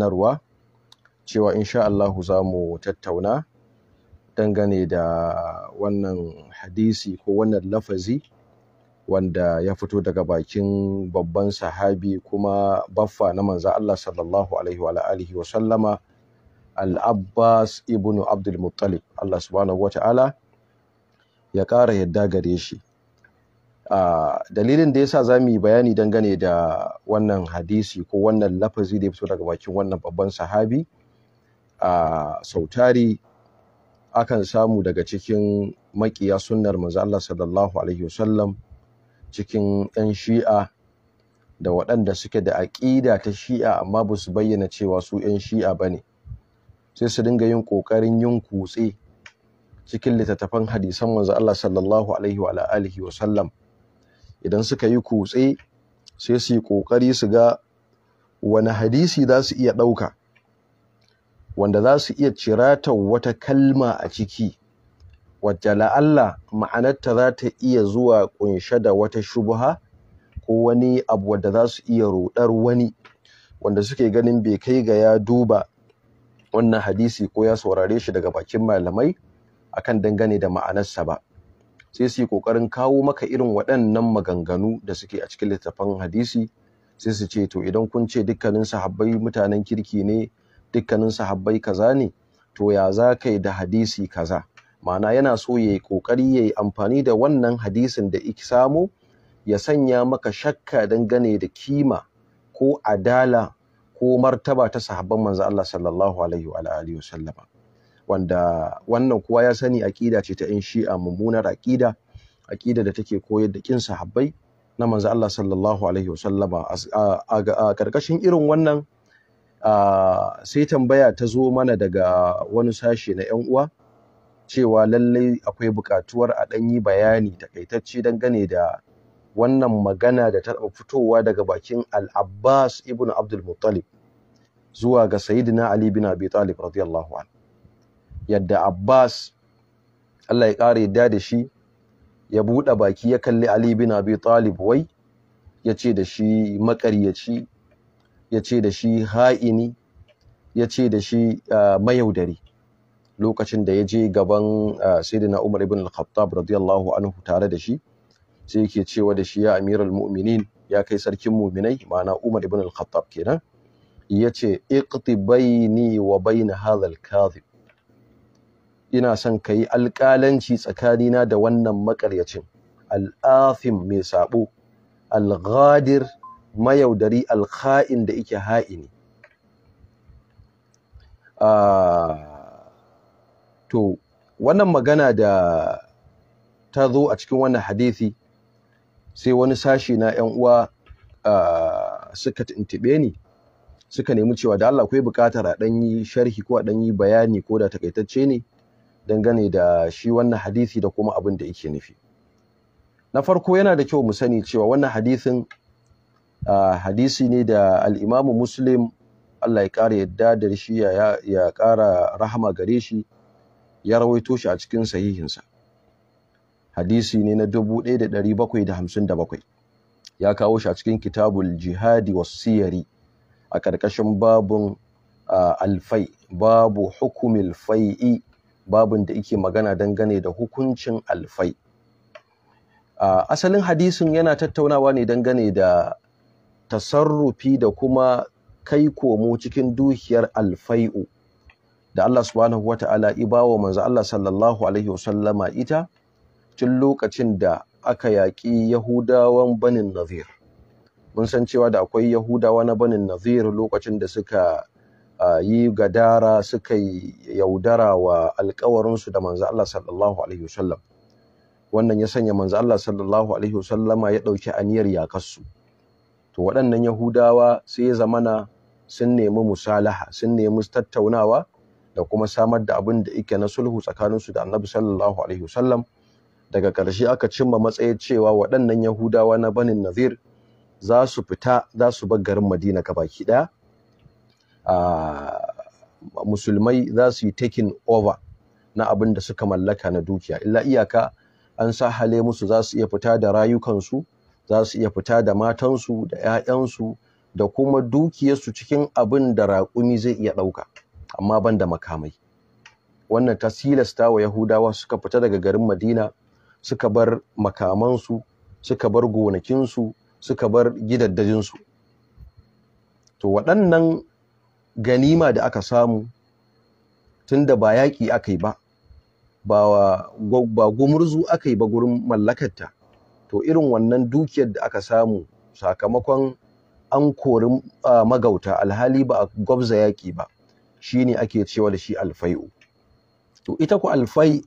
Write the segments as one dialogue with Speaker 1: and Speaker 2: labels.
Speaker 1: sanarwa cewa insha Allahu za mu tattauna dangane da wannan hadisi ko wannan lafazi wanda ya fito daga bakin babban sahabi kuma baffa na manza Allah sallallahu alaihi wa alihi wa sallama al-Abbas ibn Abdul Muttalib Allah subhanahu wa ta'ala ya ƙara yadda gare shi dalilin da yasa za mu yi bayani dangane da wannan hadisi ko wannan lafazi da ya fito daga bakin wannan babban sahabi a sautari akan samu daga cikin makiya sunnar manzo Allah sallallahu alaihi wasallam cikin 'yan shi'a da waɗanda suke da aƙida ta shi'a amma ba su bayyana cewa su 'yan shi'a ba ne sai su dinga yin ƙoƙarin yin kutse cikin littattafan hadisan manzo Allah sallallahu alaihi wa sallam idan suka yi kutse sai su yi ƙoƙari su ga wani hadisi za su iya ɗauka wanda za su iya cirata wata kalma a ciki wacce la'alla ma'anarta za ta iya zuwa ƙunshe da wata shubha ko wani abu wadda za su iya ruɗar wani wanda suke ganin bai kai ga ya duba wannan hadisi ko ya saurare shi daga bakin malamai akan dangane da ma'anarsa ba sai su yi ƙoƙarin kawo maka irin waɗannan maganganu da suke a cikin littafan hadisi sai su ce to idan kun ce dukkanin sahabbai mutanen kirki ne dukkanin sahabbai kaza ne to ya za kai da hadisi kaza ma'ana yana so ya yi ƙoƙari ya yi amfani da wannan hadisin da ik samu ya sanya maka shakka dangane da kima ko adala ko martaba ta sahabban manzo Allah sallallahu alaihi wa alihi wa wanda wannan kowa ya sani aƙida ce ta 'yan shi'a mummunar aƙida aƙida da take koyar da ƙin sahabbai na manzo Allah sallallahu alaihi wasallama a karkashin irin wannan sai tambaya ta zo mana daga wani sashe na 'yan uwa cewa lallai akwai buƙatuwar a ɗan yi bayani takaitacce dangane da wannan magana da ta fitowa daga bakin al-Abbas ibn Abdul Muttalib zuwa ga Sayyidina Ali bin Abi Talib radiyallahu anhu yadda Abbas Allah ya ƙara yadda da shi ya buɗe baki ya kalli Ali bin Abi Talib wai ya ce da shi maƙaryaci ya ce da shi ha'ini ya ce da shi mayaudari lokacin da ya je gaban Sayyidina Umar ibn al-Khattab radiyallahu anhu tare da shi sai yake cewa da shi ya Amirul Mu'minin ya kai sarkin mu'minai ma'ana Umar ibn al-Khattab kenan yace iqtibaini wa bain hadha al-kadhib ina son ka yi alƙalanci tsakanina da wannan maƙaryacin al'afin mai saɓo al mayaudari alha'in da yake ha'ini ah, to wannan magana da ta zo a cikin wannan hadithi, sai wani sashi na ‘yan uwa ah, suka tuntube ni suka nemi cewa da Allah akwai bukatar a ɗanyi sharhi ko a ɗanyi bayani ko da takaitacce ne dangane da shi wannan hadisi da kuma abin da yake nufi na farko yana da kyau mu sani cewa wannan hadisin hadisi ne da al'imamu muslim Allah ya ƙara yadda da shi ya ƙara rahama gare shi ya rawaito shi a cikin sahihinsa hadisi ne na 1757 ya kawo shi a cikin kitabul jihadi siyari a ƙarƙashin babun alfai babu hukumil fai'i babin da yake magana dangane da hukuncin alfai asalin hadisin yana tattaunawa ne dangane da tasarrufi da kuma kai komo cikin dukiyar alfai'u da Allah subhanahu wata'ala ibawa manzo Allah sallallahu alaihi wasallama ita tun lokacin da aka yaƙi Yahudawan banin Nazir mun san cewa da akwai Yahudawa na banin Nazir lokacin da suka yi gadara suka yaudara wa alkawarinsu da manzo Allah sallallahu alaihi wasallam wannan ya sanya manzo Allah sallallahu alaihi wasallama ya dauki aniyar yakarsu to waɗannan yahudawa sai ya zamana sun nemi musalaha sun nemi tattaunawa da kuma samar da abin da yake na sulhu tsakaninsu da annabi sallallahu alaihi wasallam daga ƙarshe aka cimma matsayin cewa waɗannan yahudawa na banin nazir za su fita za su bar garin madina gabaki ɗaya musulmai za su yi taking over na abin da suka mallaka na dukiya illa iyaka an sahale musu za su iya fita da rayukansu za su iya fita da matansu da 'ya'yansu da kuma dukiyarsu cikin abin da raƙumi zai iya ɗauka amma ban da makamai wannan ta silasta wa yahudawa suka fita daga garin madina suka bar makamansu suka bar gonakinsu suka bar gidaddajinsu to waɗannan ganima da aka samu tunda ba yaƙi aka yi ba ba gumurzu aka yi ba gurin mallakarta to irin wannan dukiyar da aka samu sakamakon an kori magauta alhali ba a gwabza yaƙi ba shi ne ake cewa da shi alfai'u to ita ku alfai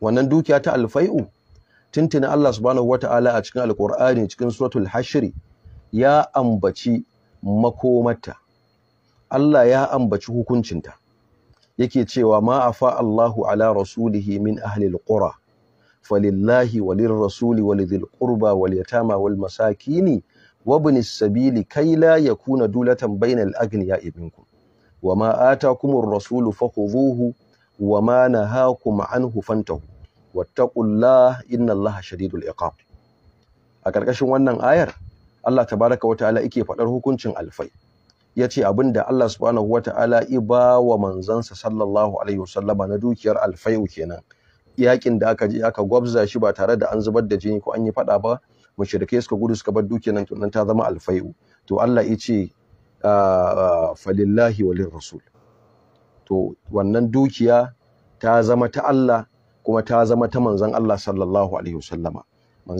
Speaker 1: wannan dukiya ta alfai'u tuntuna Allah subhanahu wata'ala a cikin Alƙur'ani cikin suratul hashri ya ambaci makomata Allah ya ambaci hukuncinta yake cewa ma afa Allahu ala rasulihi min ahli alqura falillahi walir rasuli walidhil qurba wal yatama wal masakini وابن السبيل كي لا يكون دولة بين الأغنياء منكم وما آتاكم الرسول فخذوه وما نهاكم عنه فانتهوا واتقوا الله إن الله شديد العقاب أكركشن wannan ayar Allah tabaraka wa ta'ala yake faɗar hukuncin alfai ya ce abin da Allah subhanahu wa ta'ala iba wa manzansa sallallahu alaihi wasallama na dukiyar alfai'u kenan yakin da aka je aka gwabza shi ba tare da an zubar da jini ko an yi fada ba mushrikai suka gudu suka bar dukiyar nan tunan ta zama alfai'u to Allah ya ce ah, ah, falillahi walin rasul to wannan dukiya ta zama ta Allah kuma ta zama ta manzan Allah sallallahu alaihi wasallama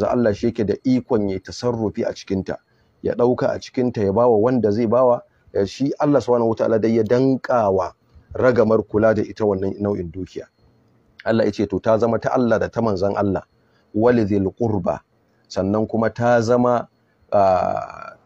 Speaker 1: Allah shi yake da ikon ya tasarrufi a cikinta ya ɗauka a cikinta ya bawa wanda zai bawa Eh, shi Allah subhanahu wataala dai ya dankawa ragamar kula da ita wannan nau'in dukiya Allah ya ce to ta zama ta Allah da ta manzan Allah walizil qurba sannan kuma ta zama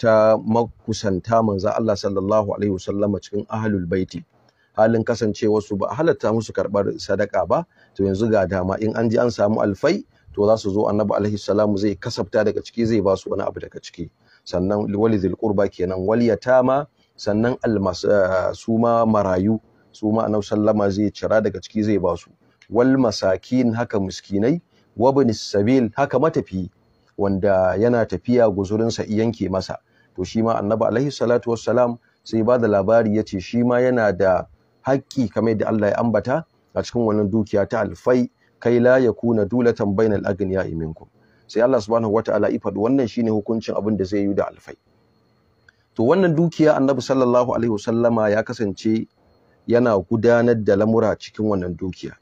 Speaker 1: ta makusanta manzan Allah sallallahu alaihi wasallama cikin ahlul baiti halin kasancewa su ba halatta musu karɓar sadaka ba to yanzu ga dama in an ji an samu alfai to za su zo annabi alaihi salamu zai kasafta daga ciki zai ba su wani abu daga ciki sannan walizil qurba kenan walyata ma. sannan eh, su ma marayu su ma annabi sallama zai cira daga ciki zai ba su wal masakin haka miskinai wa sabil haka matafi wanda yana tafiya guzurinsa yanke masa to shi ma annabi alaihi salatu wassalam sai ba da labari ya ce shi ma yana da haƙƙi kamar da Allah ya ambata a cikin wannan dukiya ta alfai kai la yakuna dulatan bainal agniya minkum sai Allah subhanahu wataala ya faɗi wannan shine hukuncin abin da zai yi da alfai to wannan dukiya annabi sallallahu alaihi wasallama ya kasance yana gudanar da lamura cikin wannan dukiya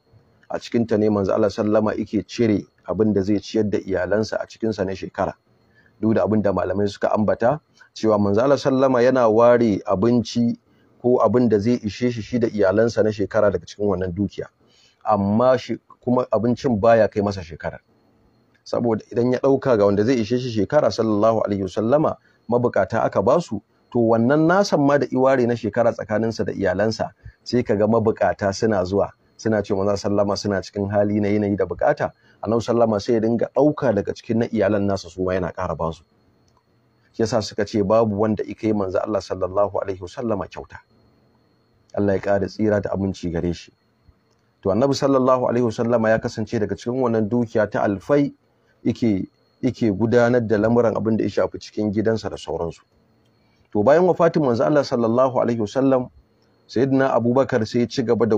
Speaker 1: a cikin ta ne manzo Allah sallama yake cire abin da zai ciyar da iyalansa a cikin sa na shekara duk da abin malamai suka ambata cewa manzo Allah sallama yana ware abinci ko abin da zai ishe shi shi da iyalansa na shekara daga cikin wannan dukiya amma shi kuma abincin baya kai masa shekara saboda idan ya ɗauka ga wanda zai ishe shi shekara sallallahu alaihi wasallama mabukata aka ba su, to wannan nasan ma da iware na shekara tsakaninsa da iyalansa sai ka ga mabukata suna zuwa suna ce maza sallama suna cikin hali na yanayi da bukata annabi sallama sai ya dinga ɗauka daga cikin na iyalan nasa su ma yana ƙara basu shi yasa suka ce babu wanda ike yi manzo Allah sallallahu alaihi wasallama kyauta Allah ya ƙara tsira da aminci gare shi to annabi sallallahu alaihi wasallama ya kasance daga cikin wannan dukiya ta alfai yake yake gudanar da lamuran abin da ya shafi cikin gidansa da sauransu to bayan wafatin manzo Allah sallallahu alaihi wasallam sayyidina Abubakar sai ya ci gaba da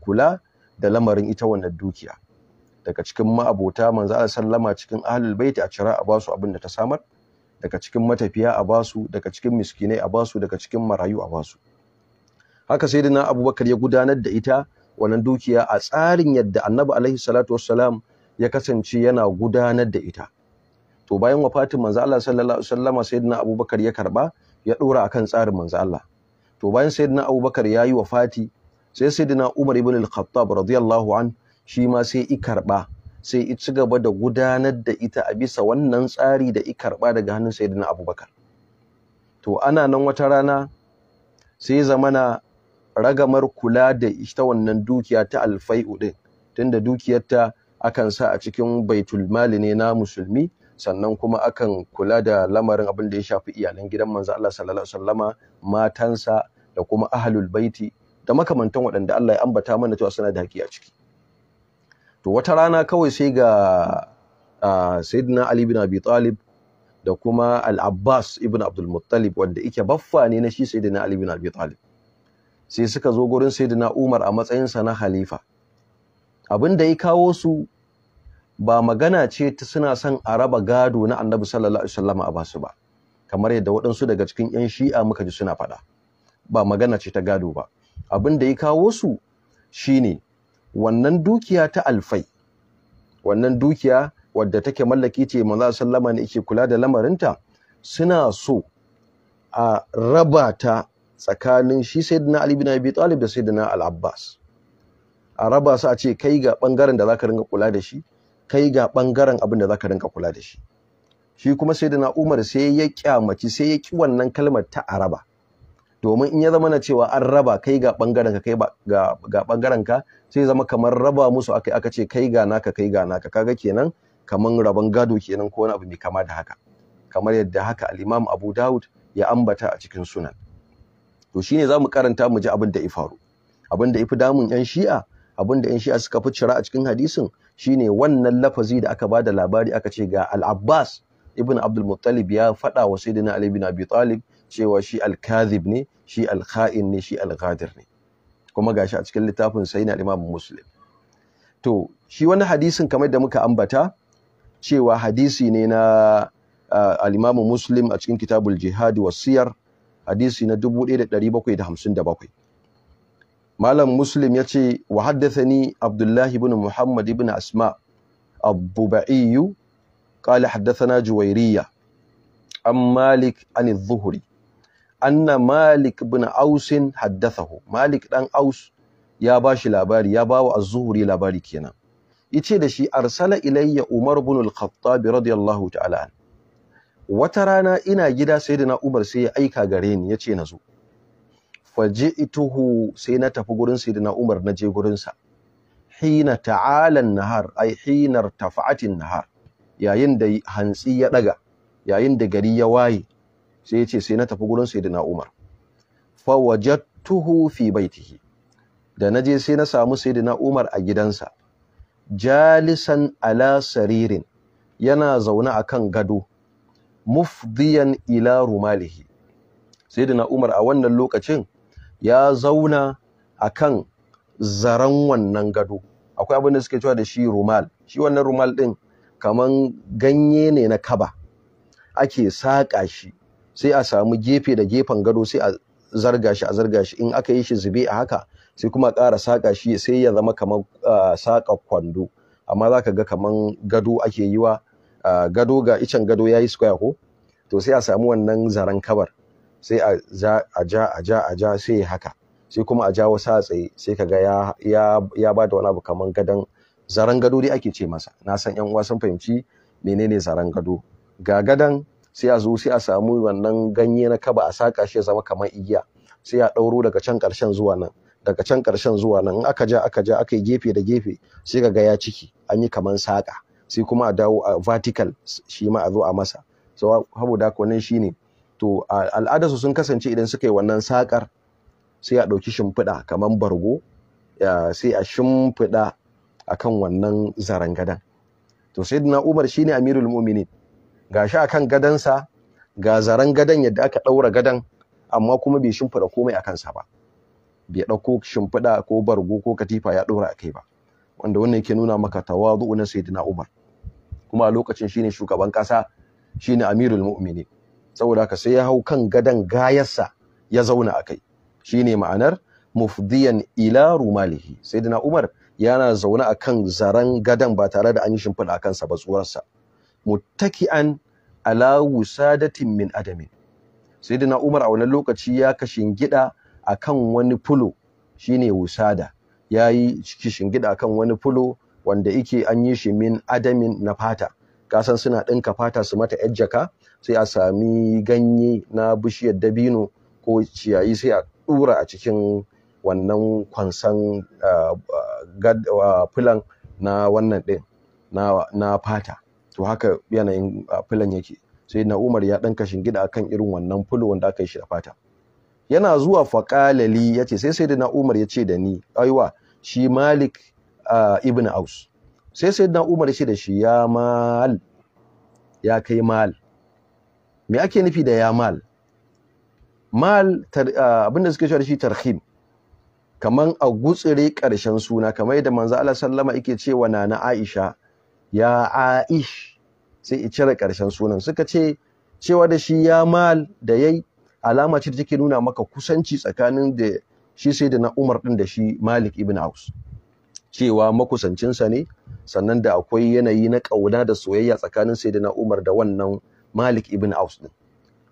Speaker 1: kula da lamarin ita wannan dukiya daga cikin ma'abota manzo Allah sallama cikin ahlul baiti a cira a basu abin da ta samar daga cikin matafiya a basu daga cikin miskinai a basu daga cikin marayu a basu haka sayyidina Abubakar ya gudanar da ita wannan dukiya a tsarin yadda Annabi alaihi salatu wassalam ya kasance yana gudanar da ita to bayan wafatin manzo Allah sallallahu alaihi wasallama sayyidina Abubakar ya karba ya dora akan tsarin manzo Allah to bayan sayyidina Abubakar yayi wafati sai sayyidina Umar ibn al-Khattab radiyallahu an shi ma sai i karba sai i ci gaba da gudanar da ita a bisa wannan tsari da i karba daga hannun sayyidina Abubakar to ana nan wata rana sai zamana ragamar kula da ita wannan dukiya ta alfai'u din tunda dukiyarta akan sa a cikin baitul mali ne na musulmi sannan kuma akan kula da lamarin abin da ya shafi iyalan gidan manzo Allah sallallahu alaihi wasallama matansa da kuma ahlul baiti da makamantan waɗanda Allah ya ambata mana cewa suna da haƙi a ciki to wata rana kawai sai ga sayyidina Ali bin Abi Talib da kuma Al-Abbas ibn Abdul Muttalib wanda yake baffa ne na shi sayyidina Ali bin Abi Talib sai suka zo gurin sayyidina Umar a matsayin sa na khalifa abin da ya kawo su ba magana ce ta suna son a raba gado na annabi sallallahu alaihi wasallam a basu ba kamar yadda waɗansu daga cikin 'yan shi'a muka ji suna faɗa ba magana ce ta gado ba abin da ya kawo su shine wannan dukiya ta alfai wannan dukiya wadda take mallaki ce manzo sallama ne yake kula da lamarinta suna so a raba ta tsakanin shi sayyidina ali bin abi talib da sayyidina al-abbas a raba su a ce kai ga bangaren da zaka ringa kula da shi kai ga bangaren abin da zaka ringa kula da shi shi kuma sai sayyidina Umar sai ya kyamaci sai ya ki wannan kalmar ta araba domin in ya zama na cewa an raba kai ga bangaren ka kai ga ga bangaren ka sai zama kamar raba musu akai aka ce kai ga naka kai ga naka kaga kenan kaman raban gado kenan ko wani abu mai kama da haka kamar yadda haka al-Imam Abu Dawud ya ambata a cikin sunan to shine zamu karanta mu ji abin da ya faru abin da yafi damun yan shi'a abinda in shi'a suka fi cira a cikin hadisin shine wannan lafazi da aka bada labari aka ce ga al-Abbas ibn Abdul Muttalib ya faɗa wa Sayyidina Ali ibn Abi Talib cewa shi al kazib ne shi al-kha'in ne shi al-ghadir ne kuma gashi a cikin littafin Sayyidina Imam Muslim to shi wani hadisin kamar da muka ambata cewa hadisi ne na ah, al-Imam a cikin kitabul jihad wasiyar hadisi na 1757 Malam Muslim ya ce, Wa haddasa ni Abdullahi bin Muhammad bin Asma, Abu Ba'iyu, ƙali haddasa na Juwairiyya, an Malik an Zuhuri, an Malik bin Ausin haddasa Malik ɗan Aus ya ba shi labari, ya ba wa Zuhuri labari kenan. Yace da shi, Arsala ilayya Umar bin Al-Khattabi radiyallahu ta'ala. Wata rana ina gida sai da na Umar sai ya aika gare ni, ya ce na zo. ituhu sai na tafi gurin sayyidina Umar na je gurin sa hina ta'ala nahar ai hinar tafa'atin nahar yayin da hantsi ya daga yayin da gari ya waye sai ya ce sai na tafi gurin sayyidina Umar fa wajadtuhu fi baitihi da naje sai na samu sayyidina Umar a gidansa jalisan ala saririn yana zaune akan gado mufdiyan ila rumalihi sayyidina Umar a wannan lokacin ya zauna akan zaren wannan gado akwai abin da suke cewa da shi rumal shi wannan rumal din kaman ganye ne na kaba ake saƙa shi sai a samu gefe da gefen gado sai a zarga shi a zarga shi in aka yi shi zube a haka sai kuma ƙara saƙa shi sai ya zama kamar ah, saƙa kwando amma za ka ga kaman gado ake yi wa ah, gado ga icen gado ya yi square ko to sai a samu wannan zaren kabar sai a ja a ja a ja sai ya haka sai kuma a ja wasu a tsaye sai kaga ya ya ya bada wani abu kaman gadon zaren gado dai ake ce masa na san yan uwa sun fahimci menene zaren gado ga gadon sai a zo sai a samu wannan ganye na kaba a saka shi ya zama kaman igiya sai a ɗauro daga can ƙarshen zuwa nan daga can ƙarshen zuwa nan in aka ja aka ja aka yi gefe da gefe sai kaga ya ciki an yi kaman saƙa sai kuma a dawo a vertical shi ma a zo a masa saboda haka wannan shine to su sun kasance idan suka yi wannan sakar sai a ɗauki shimfiɗa kamar bargo sai a shimfiɗa akan wannan zaren gadan to sayyidina Umar shine amirul mu'minin gashi akan gadansa ga zaren gadan yadda aka ɗaura gadan amma kuma bai shimfiɗa komai a kansa ba bai ɗauko shimfiɗa ko bargo ko katifa ya ɗora a kai ba wanda wannan yake nuna maka tawazu na sayyidina Umar kuma a lokacin shine shugaban ƙasa shine amirul mu'minin saboda haka sai ya hau kan gadon gayarsa ya zauna a kai shine ma'anar mufdiyan ila rumalihi sayyidina umar yana zaune a kan zaren gadon ba tare da an yi shimfiɗa a kansa ba tsuwarsa an ala wusadatin min adamin sayyidina umar a wani lokaci ya kashin gida kan wani fulo shine wusada ciki shingida a kan wani fulo wanda yake an yi shi min adamin na fata kasan suna ɗinka fata su mata yar jaka sai a sami ganye na bishiyar dabino ko ciyayi sai a dura a cikin wannan kwansan ah, filan na wannan ɗin na fata to haka yanayin ah, filan yake sai na umar ya ɗan gida akan irin wannan fulo wanda aka yi shi da fata yana zuwa faƙalali ya ce sai sai na umar ya ce da ni aiwa shi malik ah, ibn aus sai sai da umar ya ce da shi ya mal ya kai mal me ake nufi da yamal, mal mal ah, abinda suke cewa da shi tarhim kaman a gutsire ƙarshen suna kamar yadda manzo Allah sallama yake cewa nana Aisha ya Aish sai i cire ƙarshen sunan suka ce cewa da shi yamal da yayi alama ce da take nuna maka kusanci tsakanin da shi sai da na Umar din da shi Malik ibn Aus cewa makusancinsa ne sannan da akwai yanayi na ƙauna da soyayya tsakanin sai da na Umar da wannan Malik ibn Aus din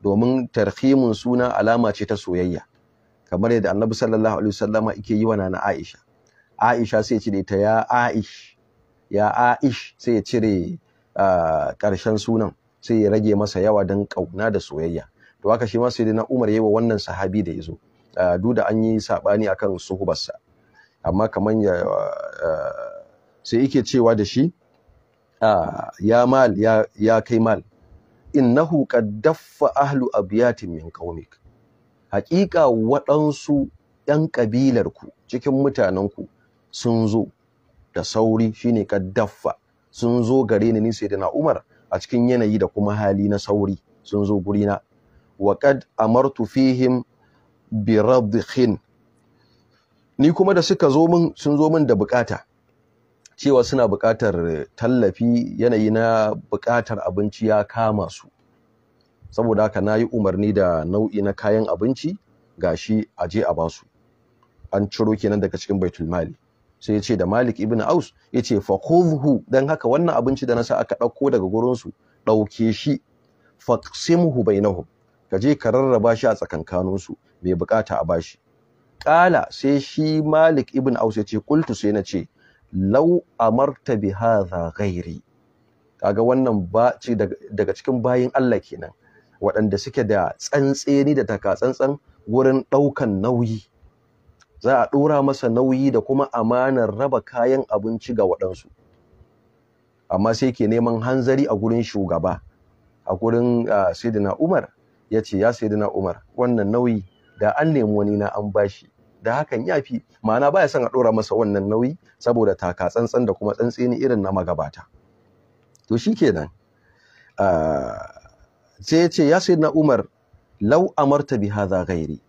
Speaker 1: domin tarhimin suna alama ce ta soyayya kamar yadda Annabi sallallahu alaihi wasallama yake yi wa nana Aisha Aisha sai ya ce ta ya Aish ya Aish sai ya cire ƙarshen sunan sai ya rage masa yawa dan kauna da soyayya to haka shi ma sai na Umar yayi wa wannan sahabi da yazo duk da an yi sabani akan suhubarsa amma kaman ya sai yake cewa da shi ya mal ya kai mal innahu qad daffa ahlu abyatin min qaumik haƙiƙa waɗansu ‘yan ku cikin mutanenku sun zo da sauri shine qad daffa sun zo gare ni sai da Umar a cikin yanayi da kuma hali na sauri sun zo gurina wa qad amartu fihim bi radhin ni kuma da suka zo min sun zo min da bukata cewa suna buƙatar tallafi yanayi na buƙatar abinci ya kama su saboda haka na yi umarni da nau'i na kayan abinci gashi a je a basu an ciro kenan daga cikin baitul mali sai ya ce da malik ibn aus ya ce fakhudhu dan haka wannan abinci da na sa aka ɗauko daga gurinsu ɗauke shi bai bainahum ka je ka rarraba shi a tsakankaninsu mai bukata a bashi ƙala sai shi malik ibn aus ya ce kultu sai na ce lau amarta bi hadha ghairi kaga wannan ba ce daga cikin bayin Allah kenan waɗanda suke da tsantseni da taka tsantsan wurin ɗaukan nauyi za a ɗora masa nauyi da kuma amanar raba kayan abinci ga waɗansu amma sai ke neman hanzari a gurin shugaba a gurin Sayyidina Umar ya ce ya Sayyidina Umar wannan nauyi da an nemi wani na an bashi da hakan ya fi ma'ana baya son a ɗora masa wannan nauyi saboda taka tsantsan da kuma tsantseni irin na magabata to shi kenan ah, sai ya ce ya sai na umar lau amarta bi hadha gairi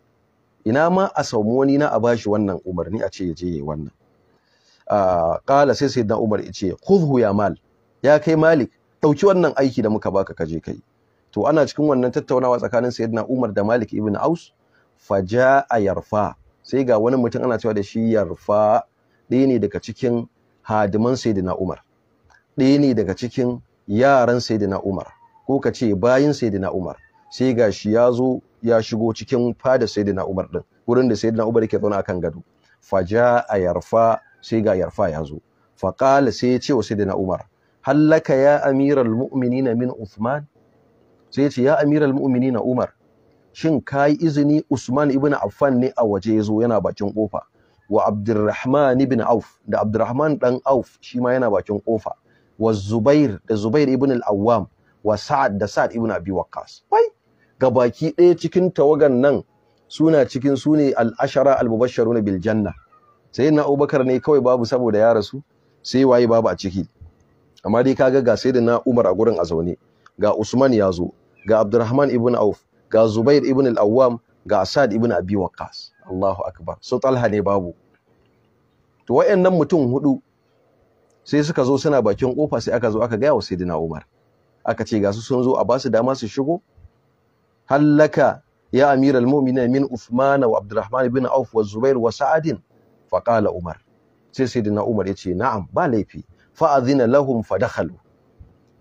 Speaker 1: ina ma a samu wani na a bashi wannan umarni a ce ya je wannan ah, ƙala sai sai na umar ya ce kuzhu ya mal ya kai malik ɗauki wannan aiki da muka baka kaje kai to ana cikin wannan tattaunawa tsakanin sayyidina umar da malik ibn aus a yarfa sai ga wani mutum ana cewa da shi yarfa ɗaya ne daga cikin hadiman saidina Umar ɗaya ne daga cikin yaran saidina Umar ko ka ce bayin saidina Umar sai ga shi ya zo ya shigo cikin fada saidina Umar din wurin da saidina Umar yake zauna akan gado faja a yarfa sai ga yarfa ya zo faƙala sai ya ce wa saidina Umar hallaka ya amiral mu'minina min Uthman sai ce ya amiral mu'minina Umar shin kai izini Usman ibn Affan ne a waje yazo yana bakin kofa wa Abdurrahman ibn Auf da Abdurrahman dan Auf shi ma yana bakin kofa wa Zubair da Zubair ibn al-Awwam wa Sa'ad da Sa'ad ibn Abi Waqqas wai ga baki ɗaya cikin tawagan nan suna cikin sune al-ashara al mubashsharun bil janna sai na Abubakar ne kawai babu saboda ya rasu sai waye babu a ciki amma dai kaga ga sai da na Umar a gurin a zaune ga Usman ya zo ga Abdurrahman ibn Auf ga Zubair ibn al-Awwam ga Asad ibn Abi Waqqas Allahu akbar so Talha ne babu to wayannan mutum hudu sai suka zo suna bakin kofa sai aka zo aka ga wa Sayyidina Umar aka ce ga su sun zo a ba su dama su shigo hallaka ya amiral mu'minin min Uthman wa Abdurrahman ibn Auf wa Zubair wa Sa'ad fa qala Umar sai Sayyidina Umar ya ce na'am ba laifi fa azina lahum fa dakhalu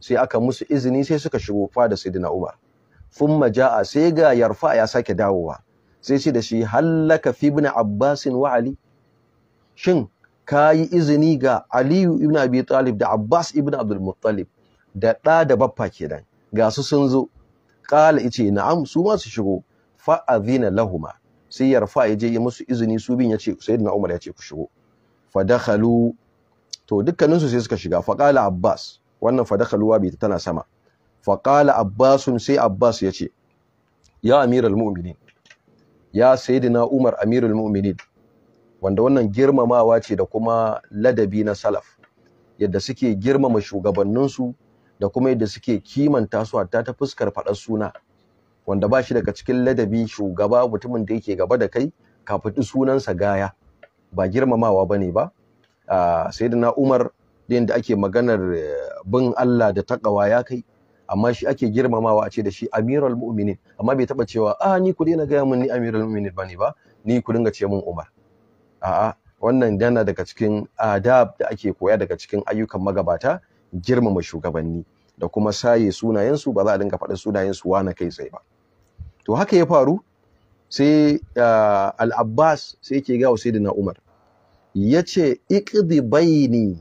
Speaker 1: sai aka musu izini sai suka shigo fa da Sayyidina Umar thumma jaa sai ga yarfa ya sake dawowa sai shi da shi hallaka fi ibn abbas wa ali shin kayi izini ga ali ibn abi talib da abbas ibn abdul muttalib da da da baffa kenan ga su sun zo qala ice na'am su ma su shigo fa azina lahuma sai yarfa ya je ya musu izini su bin yace sayyidina umar yace ku shigo fa dakhalu to dukkaninsu sai suka shiga fa qala abbas wannan fa dakhaluwa bi tana sama faƙala abbasun sai abbas ya ce ya amiral mu'minin ya sayyidina umar amirul mu'minin wanda wannan girmamawa ce da kuma ladabi na salaf yadda suke girmama shugabanninsu da kuma yadda suke kimanta su hatta ta fuskar faɗar suna wanda ba shi daga cikin ladabi shugaba mutumin da yake gaba da kai ka faɗi sunansa gaya ba girmamawa ba ne ba ah, sayyidina umar da yadda ake maganar eh, bin allah da taƙawa ya kai amma shi ake girmamawa a ce da shi amirul mu'minin amma bai taba cewa a ah, ni ku daina gaya mun ni amirul mu'minin bane ba ni ku dinga ce mun umar a'a wannan yana daga cikin adab da ake koya daga cikin ayyukan magabata girmama shugabanni da kuma saye sunayensu ba za a dinga su sunayensu na kai tsaye ba to haka ya faru sai ah, al-abbas sai yake gawa sayyidina umar yace iqdi baini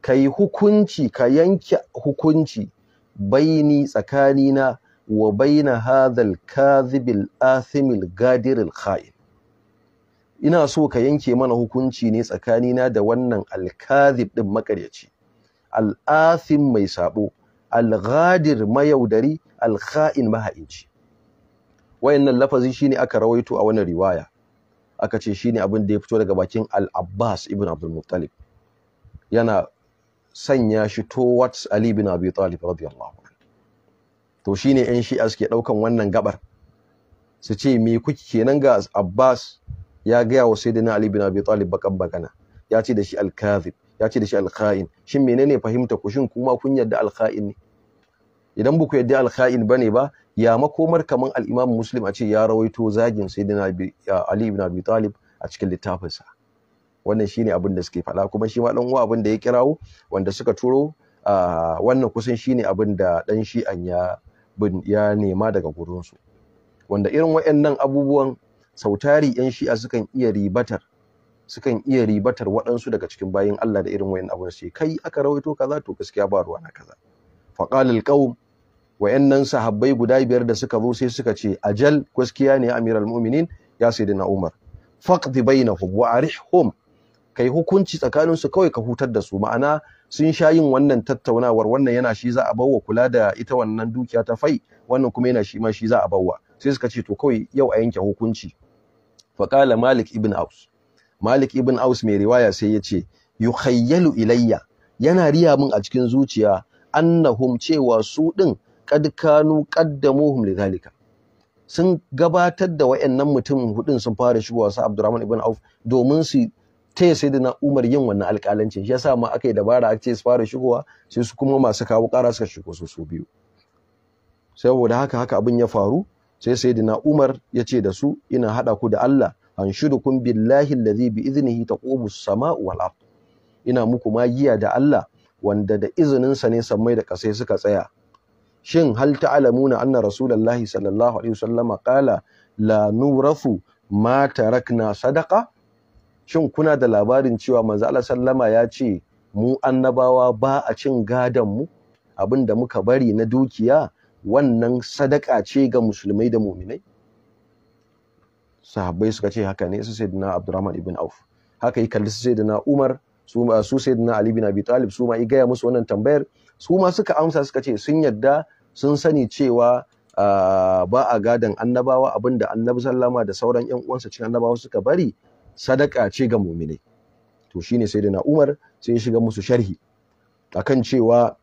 Speaker 1: kai hukunci ka yanke hukunci baini tsakanina wa baina hadhal kadhibil athimil gadiril kha'in ina so ka yanke mana hukunci ne tsakanina da wannan alkazib din makaryaci al'athim mai sabo al-ghadir mayaudari al-kha'in maha'inci wayannan lafazi shine aka rawaito a wannan riwaya aka ce shine abin da ya fito daga bakin al-Abbas ibn Abdul Muttalib yana sanya shi towards Ali bin Abi Talib radiyallahu to shine yan shi'a suke ɗaukan wannan gabar su ce me kuke kenan ga Abbas ya gaya wa sayyidina Ali bin Abi Talib bakan bakana ya ce da shi al ya ce da shi al shin menene fahimta ku shin kuma kun yarda al-kha'in ne idan ba yarda al-kha'in bane ba ya makomar kaman al-Imam Muslim a ce ya rawaito zagin sayyidina Ali ibn Abi Talib a cikin littafinsa wannan shine abin da suke faɗa kuma shi ma dan uwa abin da ya kirawo wanda suka turo wannan kusan shine abin da dan an ya ya nema daga gurinsu wanda irin wa'annan abubuwan sautari yan shi'a sukan iya ribatar sukan iya ribatar waɗansu daga cikin bayin Allah da irin wayan abu da kai aka rawaito kaza to gaskiya ba ruwa na kaza faqala alqawm wayannan sahabbai guda biyar da suka zo sai suka ce ajal gaskiya ne amiral mu'minin ya sayyidina Umar faqdi bainahum wa arihum kai hukunci tsakanin su kawai ka hutar da su ma'ana sun sha yin wannan tattaunawar wannan yana shi za a bawa kula da ita wannan dukiya ta fai wannan kuma yana shi ma shi za a bawa sai suka ce to kawai yau a yanke hukunci faqala malik ibn aus malik ibn aus mai riwaya sai ya ce yukhayyalu ilayya yana riya min a cikin zuciya annahum cewa su din kad kanu qaddamuhum lidhalika sun gabatar da wayannan mutum hudun sun fara shigowa sa Abdurrahman ibn Auf domin su taya sai na umar yin wannan alƙalancin shi yasa ma aka yi dabara aka ce su fara shigowa sai su kuma masu kawo ƙara suka shigo su su biyu saboda haka haka abin ya faru sai sai na umar ya ce da su ina haɗa ku da Allah an shudukum billahi allazi bi iznihi taqumu as-sama'u wal ard ina muku magiya da Allah wanda da izinin sa ne sammai da ƙasai suka tsaya shin hal ta'lamuna anna rasulullahi sallallahu alaihi wasallama qala la nurafu ma tarakna sadaqa shin kuna da labarin cewa manzo Allah sallama ya ce mu annabawa ba a cin gadon mu abin da muka bari na dukiya wannan sadaka ce ga musulmai da muminai sahabbai suka ce haka ne su sayyidina Abdurrahman ibn Auf haka yi kalli su sayyidina Umar su ma su sayyidina Ali ibn Abi Talib su ma yi gaya musu wannan tambayar su ma suka amsa suka ce sun yadda sun sani cewa ah, ba a gadon annabawa abinda annabi sallama da sauran yan uwansa cikin annabawa suka bari sadaka ce ga muminai to shine sai da umar sai ya shiga musu sharhi akan cewa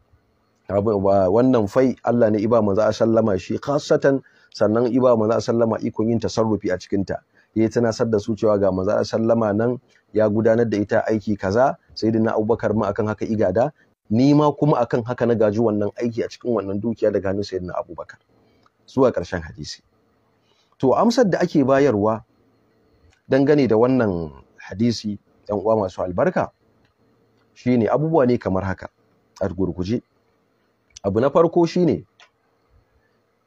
Speaker 1: wannan fai Allah ne iba manzo sallama shi khassatan sannan iba manzo sallama ikon yin tasarrufi a cikin ta yayi tana da su cewa ga manzo sallama nan ya gudanar da ita aiki kaza sayyidina Abubakar ma akan haka igada ni ma kuma akan haka na gaji wannan aiki a cikin wannan dukiya daga hannun sayyidina Abubakar zuwa ƙarshen hadisi to amsar da ake bayarwa dangane da wannan hadisi ɗan uwa masu albarka shine abubuwa ne kamar haka a gurguje abu na farko shine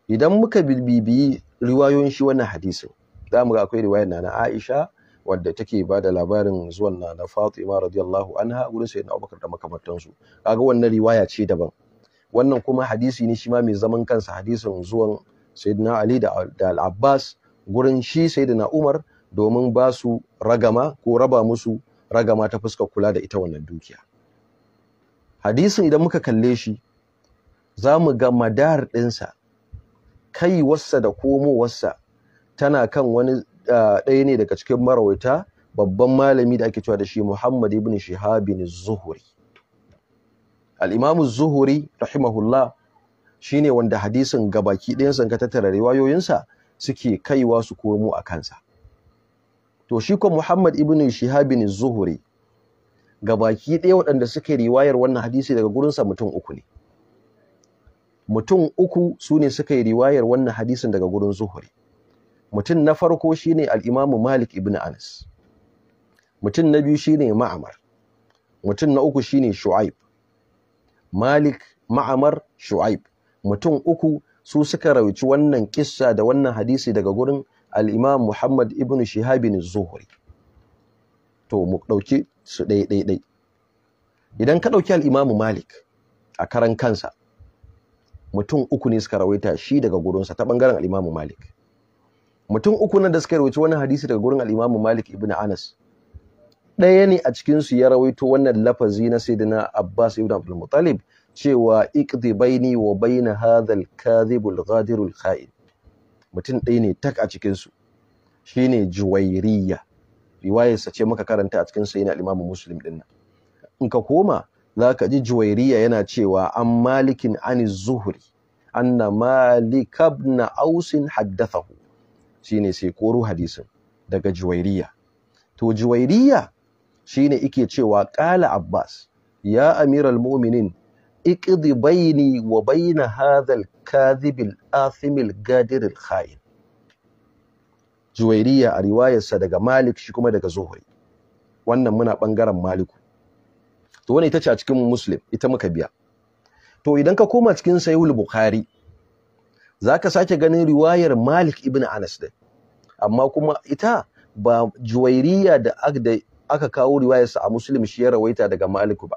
Speaker 1: idan muka bibiyi riwayoyin shi wannan hadisin za mu ga akwai riwayar na Aisha wadda take ba da labarin zuwan na na Fatima radiyallahu anha gurin na Abubakar da makamantansu kaga wannan riwaya ce daban wannan kuma hadisi ne shi ma mai zaman kansa hadisin zuwan sayyidina Ali da Al-Abbas gurin shi sayyidina Umar domin ba su ragama ko raba musu ragama ta fuskar kula da ita wannan dukiya hadisin idan muka kalle shi za mu ga madar ɗinsa kaiwarsa da komowarsa tana kan wani ɗaya ne daga cikin marawaita babban malami da ake cewa da shi Muhammad ibn Shihabin Zuhuri al-Imam Zuhuri rahimahullah shine wanda hadisin gabaki ɗayan san ka tattara riwayoyinsa suke kaiwa su komo a kansa to shi ko Muhammad ibn Shihabin Zuhri baki ɗaya waɗanda suka riwayar wannan hadisi daga gurinsa mutum uku ne mutum uku su ne suka yi riwayar wannan hadisin daga gurin Zuhri mutum na farko shine al-Imam Malik ibn Anas mutum na biyu shine Ma'mar mutum na uku shine Shu'aib Malik Ma'mar Shu'aib mutum uku su suka rawaici wannan kissa da wannan hadisi daga gurin al-imam muhammad ibn shihabin zuhri to mu ɗauki su ɗai dai idan ka ɗauki al'imamu malik a karan kansa mutum uku ne suka rawaita shi daga gurinsa ta ɓangaren al'imamu malik mutum uku nan da suka rawaita wannan hadisi daga gurin al'imamu malik ibn anas ɗaya ne a cikinsu ya rawaito wannan lafazi na sayyidina abbas ibn abdul muttalib cewa iqdi baini wa baina hadhal kadhibul ghadirul khain mutum ɗaya ne tak a cikinsu shi ne juwairiya riwayarsa ce muka karanta a cikinsa yana limamin muslim nan. in ka koma za ka ji juwairiya yana cewa an malikin ani zuhuri anna malik ibn ausin haddathahu shine sai koro hadisin daga juwairiya to juwairiya shine ike cewa qala abbas ya amiral mu'minin iqdi baini wa baina hadha al-kadhib al-athim al-gadir al a riwayarsa daga malik shi kuma daga zuhri wannan muna bangaren maliku to wani ita ce a cikin muslim ita muka biya to idan ka koma cikin sahihul bukhari zaka sake ganin riwayar malik ibn anas din amma kuma ita ba juwairiya da aka kawo riwayarsa a muslim shi ya rawaita daga maliku ba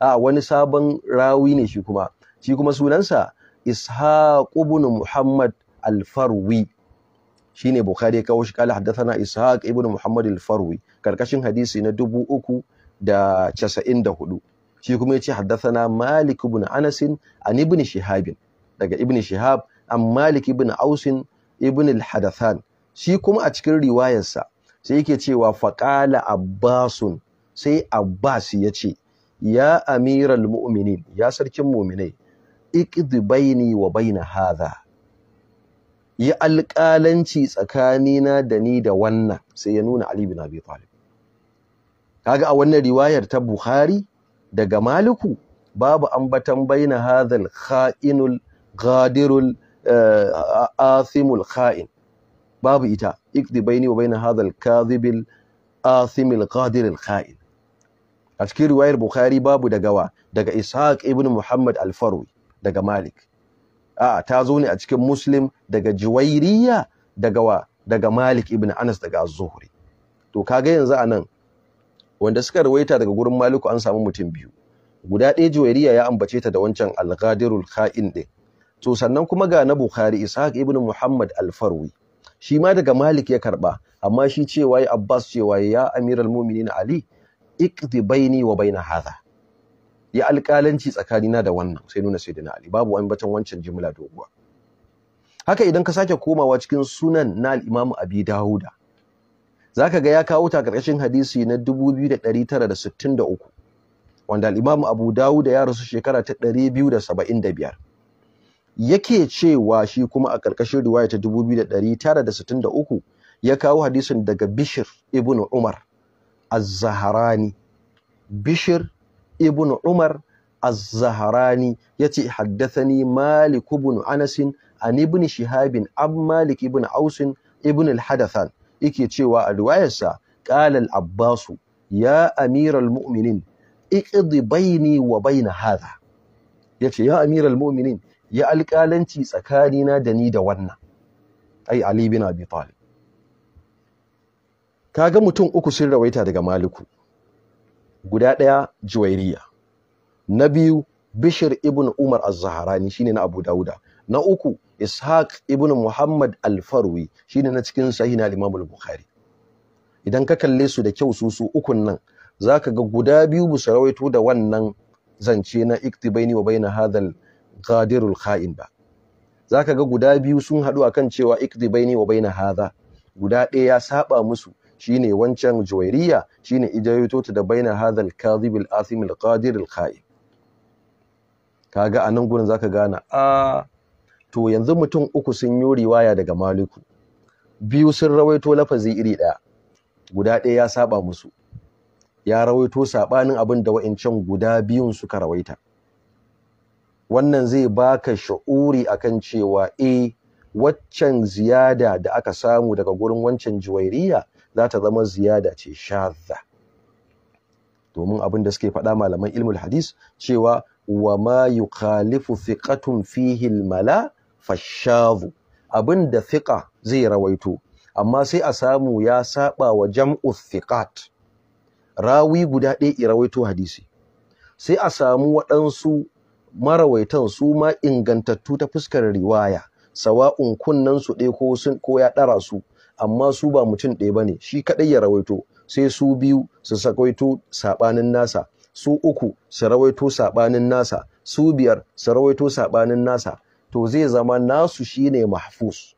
Speaker 1: a wani sabon rawi ne shi kuma shi kuma sunansa ishaq ibn muhammad al-farwi shine bukhari ya kawo shi kala haddathana ishaq ibn muhammad al-farwi karkashin hadisi na hudu. shi kuma yace haddathana malik ibn anas an ibn shihab daga ibn shihab an malik ibn aus ibn al shi kuma a cikin riwayarsa sai yake cewa faqala abbasun sai abbas yace ya amiral mu'minin ya sarkin mu'minai ikdi baini wa baina hadha yi alƙalanci tsakanina da ni da wannan sai ya nuna Ali bin Abi Talib kaga a wannan riwayar ta Bukhari daga Maliku babu ambatan baina hadhal kha'inul ghadirul eh, athimul kha'in babu ita ikdi baini wa baina hadhal kadhibil athimil ghadiril kha'in a cikin riwayar bukhari babu da gawa daga ishaq ibn muhammad al daga malik a ta zo ne a cikin muslim daga juwairiya daga wa daga malik ibn anas daga zuhri to kaga yanzu anan wanda suka rawaita daga gurin maliku an samu mutum biyu guda ɗaya juwairiya ya ambace ta da wancan al-ghadirul kha'in din to sannan kuma ga na bukhari ishaq ibn muhammad al-farwi shi ma daga malik ya karɓa, amma shi cewa ya abbas cewa ya amiral mu'minin ali iqdi baini wa baina hadha ya alƙalanci tsakanina da wannan sai nuna sayyidina ali babu wani batan wancan jimla doguwa haka idan ka sake komawa cikin sunan na al-imamu abi dauda zaka ga ya kawo ta hadisi na 2963 wanda al-imamu abu dauda ya rasu shekara ta 275 yake cewa shi kuma a karkashin riwaya ta 2963 ya kawo hadisin daga bishir ibnu umar az bishir ibn umar az-zaharani yace haddathani malik ibn anas an ibn shihab ab malik ibn aus ibn al-hadathan yake cewa a riwayarsa qala al-abbas ya amiral mu'minin wa baina hadha yace ya amiral alƙalanci tsakanina da ni da wannan ai ali ga mutum uku sun rawaita daga maliku guda ɗaya juwairiya na biyu bishir ibn umar az-zaharani shine na abu dauda na uku ishaq ibn muhammad al-farwi shine na cikin sahina na imam bukhari idan ka kalle su da kyau su ukun nan zaka ga guda biyu bu rawaito da wannan zance na iktibaini wa baina hadal qadirul kha'in ba zaka ga guda biyu sun hadu akan cewa iktibaini wa baina hadha guda ɗaya ya saba musu shine wancan juwairiya shine ijayoto ta da bainar hadha al-kadhib al-asim al-qadir khaib kaga anan gurin zaka gana a to yanzu mutum uku sun yi riwaya daga maliku biyu sun rawaito lafazi iri daya guda ɗaya ya saba musu ya rawaito sabanin abin da wa'incan guda biyun suka rawaita wannan zai baka sha'uri akan cewa eh waccan ziyada da aka samu daga gurin wancan juwairiya za ta zama ziyada ce shadda domin abin da suke faɗa malaman ilmul hadis cewa wa ma yukhalifu thiqatun fihi mala fashavu abin da thiqa zai rawaito amma sai a samu ya saba wa jam'u thiqat rawi guda ɗaya i rawaito hadisi sai a samu waɗansu marawaitan su ma ingantattu ta fuskar riwaya sawa'un kunnen su ɗaya ko ko ya ɗara su amma su ba mutum ɗaya ba ne, shi kaɗai ya rawaito sai su biyu su sakwaito saɓanin nasa su uku su rawaito saɓanin nasa su biyar su rawaito saɓanin nasa to zai zama nasu shi ne mahfus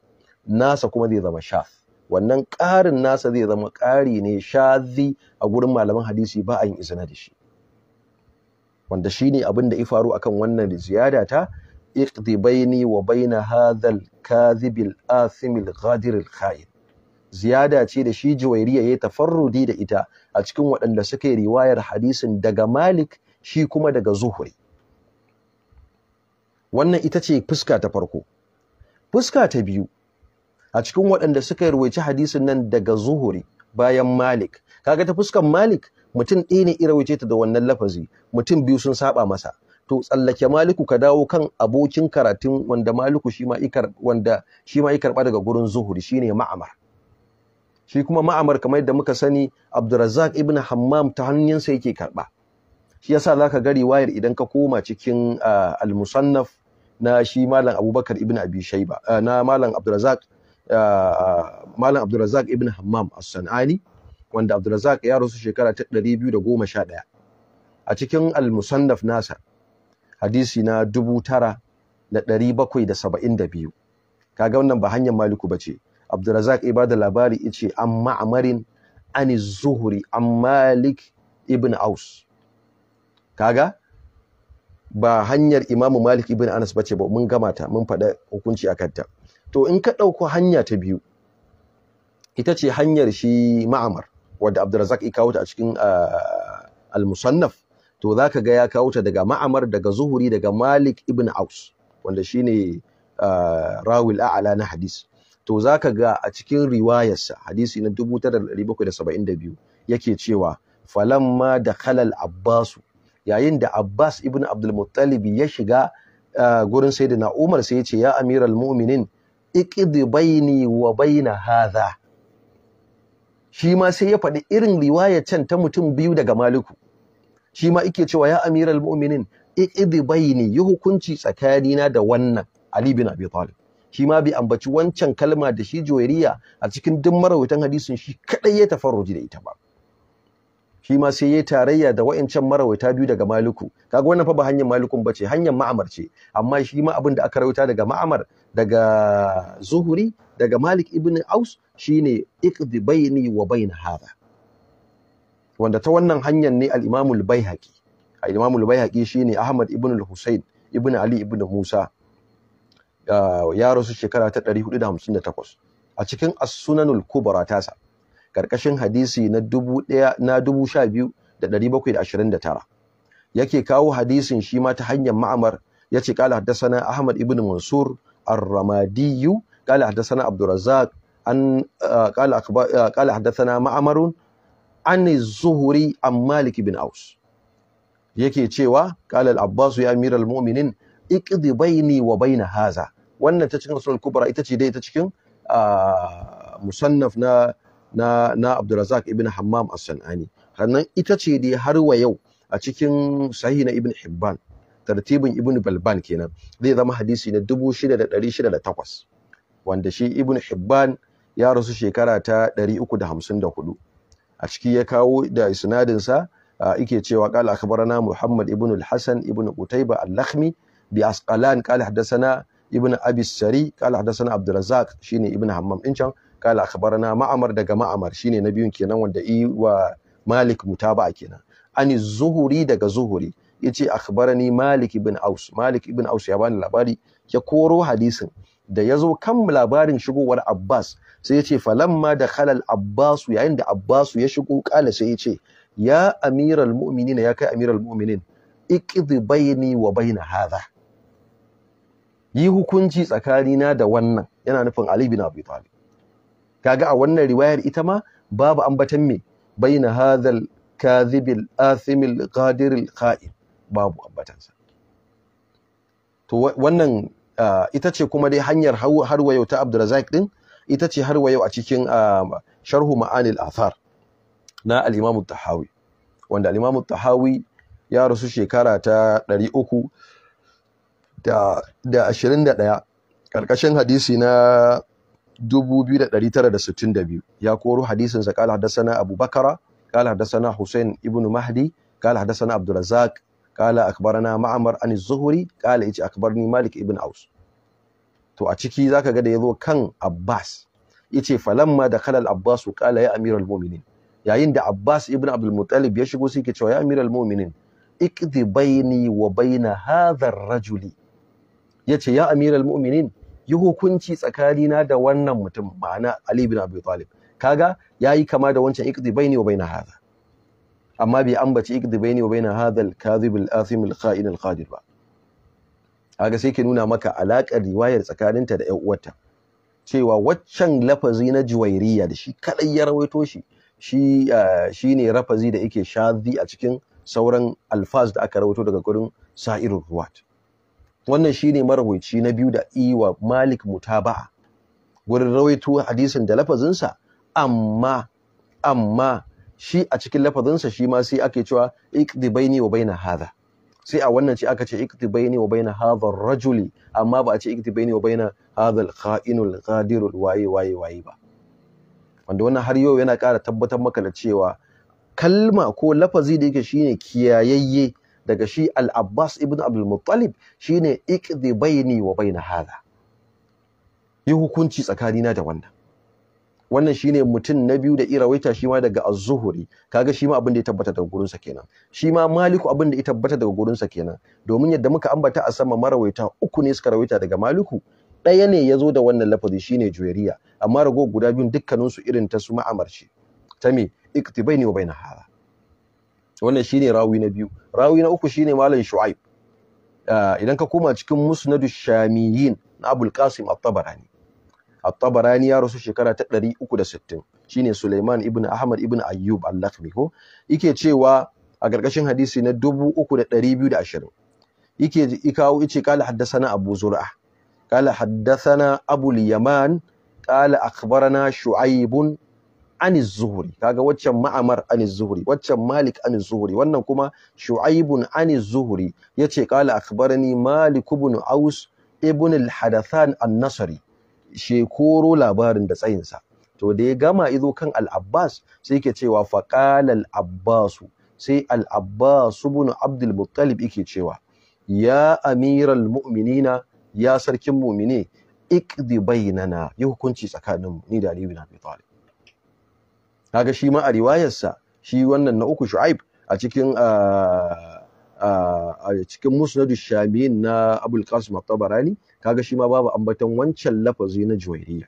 Speaker 1: nasa kuma zai zama sha wannan ƙarin nasa zai zama ƙari ne shazi a gurin malaman hadisi ba a yin izina da shi wanda shi ne abin da ifaru akan wannan ziyada ta iqdi baini wa baina hadhal kadhibil athimil ghadiril kha'in ziyada ce da shi juwairiya ya tafarrudi da ita a cikin waɗanda suka yi riwayar hadisin daga malik shi kuma daga zuhuri wannan ita ce fuska ta farko fuska ta biyu a cikin waɗanda suka yarwaci hadisin nan daga zuhuri bayan malik kaga ta fuskan malik mutum ɗaya ne irwace ta da wannan lafazi mutum biyu sun saba masa to tsallake maliku ka dawo kan abokin karatun wanda maliku shi ma ya karba daga gurin zuhuri shi ne ma'amar shi kuma ma'amar kamar yadda muka sani abdurrazak ibn Hammam ta hannunsa yake karɓa. shi ya yasa zaka gari wayar idan ka koma cikin ah, al-musannaf na shi malam Abubakar ibn Abi Shayba ah, na malam Abdurrazzaq ah, malam ibn Hammam a sanani wanda Abdurrazzaq ya rasu shekara ta 211 a cikin al-musannaf nasa hadisi na Ka kaga wannan ba hanyar maliku ce. Abdurrazak ibada labari ice an ma'amarin an zuhuri an malik ibn aus kaga ba hanyar imamu malik ibn anas bace ba mun gama ta mun faɗa hukunci a kanta to in ka ɗauko hanya ta biyu ita ce hanyar shi ma'amar wadda abdurrazak ya kawo a cikin ah, al-musannaf to zaka ga ya kawo daga ma'amar daga zuhuri daga malik ibn aus wanda shine ah, rawil Aala na hadis to zaka ga a cikin riwayarsa hadisi na 9772 yake cewa falamma da Khalal Abbasu, yayin da abbas ibn abdul ya shiga eh, gurin na, umar sai ya ce ya amiral mu'minin iqdi baini wa baina hadha shi ma sai ya faɗi irin riwayar can ta mutum biyu daga maliku shi ma ike cewa ya amiral mu'minin iqdi baini yi hukunci tsakanina da wannan ali bin abi talib shi ma bai ambaci wancan kalma da shi joyariya a cikin duk marawaitan hadisin shi kadai ya tafarroji da ita ba shi ma sai ya tarayya da wayancan marawaita biyu daga maliku kaga wannan fa ba hanyar ba bace hanyar ma'amar ce amma shi ma abin da aka rawaita daga ma'amar daga zuhuri daga malik ibn aus shine iqdi bayni wa bayna hada wanda ta wannan hanyar ne al-imamul bayhaqi al-imamul bayhaqi shine ahmad ibn al-husayn ibn ali ibn musa Ah, ya rasu shekara ta 458 a cikin as-sunanul kubra tasa karkashin hadisi na 1000 na 12729 yake kawo hadisin shi ma ta hanyar ma'amar yace qala haddathana ahmad ibn mansur ar-ramadi qala haddathana abdurrazzaq an qala ah, qala ah, haddathana ma'amar an az-zuhri an malik ibn aus yake cewa qala al-abbas ya amiral mu'minin iqdi baini wa baina haza wannan ta cikin sunan kubra ita ce dai ta cikin musannaf na na na Abdurrazzaq ibn Hammam as-Sanani sannan ita ce dai har wa yau a cikin sahih na Ibn Hibban tartibin Ibn Balban kenan zai zama hadisi na 6608 wanda shi Ibn Hibban ya rasu shekara ta 354 a ciki ya kawo da isnadin sa yake cewa qala akhbarana Muhammad ibn al-Hasan ibn Qutaiba al-Lakhmi bi Asqalan qala hadathana ibn abi sari qala hadathana abdurrazzaq shine ibn hammam din can qala akhbarana ma'amar daga ma'amar shine na biyun kenan wanda i wa malik mutaba'a kenan ani zuhuri daga zuhuri yace akhbarani malik ibn aus malik ibn aus ya bani labari ya koro hadisin da ya zo kan labarin shigowar Abbas sai ya ce falamma da khalal Abbasu yayin da Abbasu ya shigo kala sai ya ce ya amiral mu'minin ya kai amiral mu'minin iqdi baini wa baina hadha yi hukunci tsakanina da wannan yana nufin Ali bin Abi Talib kaga a wannan riwayar ita ma babu ambatan me baina hadhal kadhibil athimil qadiril kha'in babu ambatansa to wannan ita ce kuma dai hanyar har wayo ta Abdurrazzaq din ita ce har wayo a cikin sharhu ma'anil athar na al-Imam tahawi wanda al-Imam tahawi ya rasu shekara ta 300 da da 21 karkashin hadisi na 2962 ya koro hadisin sa haddasa na Abu Bakara haddasa na Hussein ibn Mahdi qala hadathana Abdul Razzaq qala akbarana Ma'mar an az-Zuhri qala akabar akbarni Malik ibn Aus to a ciki zaka ga da yazo kan Abbas yace falamma dakhala al-Abbas ƙala ya al mu'minin yayin da Abbas ibn Abdul Muttalib ya shigo sai ke cewa ya al mu'minin ikdi baini wa baina hadha ar-rajuli ya ce ya amiral mu'minin yi hukunci tsakanina da wannan mutum ma'ana Ali bin Abi Talib kaga yi kama da wancan iqdi baini wa baina hadha amma bai ambaci iqdi baini wa baina hadha al-kadhib al-asim al-kha'in al-qadir ba kaga sai ke nuna maka alaƙar riwayar tsakaninta da ƴan cewa waccan lafazi na juwairiya da shi kadai ya rawaito shi shi eh, shine rafazi da yake shazi a cikin sauran alfaz da aka rawaito daga gurin sa'irul ruwat wannan shi ne marawaici na biyu da iwa malik mutaba'a wurin rawaito hadisin da lafazinsa amma amma shi a cikin lafazinsa shi ma sai ake cewa iqdi ne wa baina hadha sai a wannan ce aka ce iqdi ne wa baina hadha rajuli amma ba a ce iqdi ne wa baina hadha al qadirul waye waye waye ba wanda wannan har yau yana ƙara tabbatar maka da cewa kalma ko lafazi da yake shine kiyayayye daga shi al-Abbas ibn Abdul Muttalib shine iqdi baini wa bayna hadha yi hukunci tsakanina da wannan wannan shine mutum na biyu da irawaita shi ma daga az-zuhuri kaga shi ma abin da ya tabbata daga gurinsa kenan shi ma maliku abin da ya tabbata daga gurinsa kenan domin yadda muka ambata a sama marawaita uku ne suka rawaita daga maliku ɗaya ne ya zo da wannan lafazi shine juwariya amma rago guda biyun dukkaninsu irin ta su ma'amarci. ta me iktibaini wa baina hala. wannan shine rawi na biyu rawi na uku shine malam shu'aib ah, idan ka koma cikin musnadu shamiyin na abul qasim at-tabarani at-tabarani ya rasu shekara ta 360 shine suleiman ibn ahmad ibnu ayyub al-lakhmi ko yake cewa a gargashin hadisi na 3220 yake ikawo yace kala haddathana abu zur'a kala haddathana abul yaman kala akhbarana shu'aib ani zuhuri kaga waccan ma'amar ani zuhuri waccan malik ani zuhuri wannan kuma shu'aibun ani zuhri yace qala akhbarani malik ibn aus ibn al-hadathan an-nasri shekoro labarin da tsayinsa to da ya gama izo kan al-abbas sai yake cewa fa qala al-abbas sai al-abbas ibn abdul muttalib yake cewa ya amiral mu'minina ya sarkin mu'mine iqdi bainana yi hukunci tsakaninmu ni da ali ibn abi talib kaga shi ma a riwayarsa shi wannan na uku shu'aib a cikin a cikin musnadu shamin na abul qasim at-tabarani kaga shi ma babu ambaton wancan lafazi na juwairiya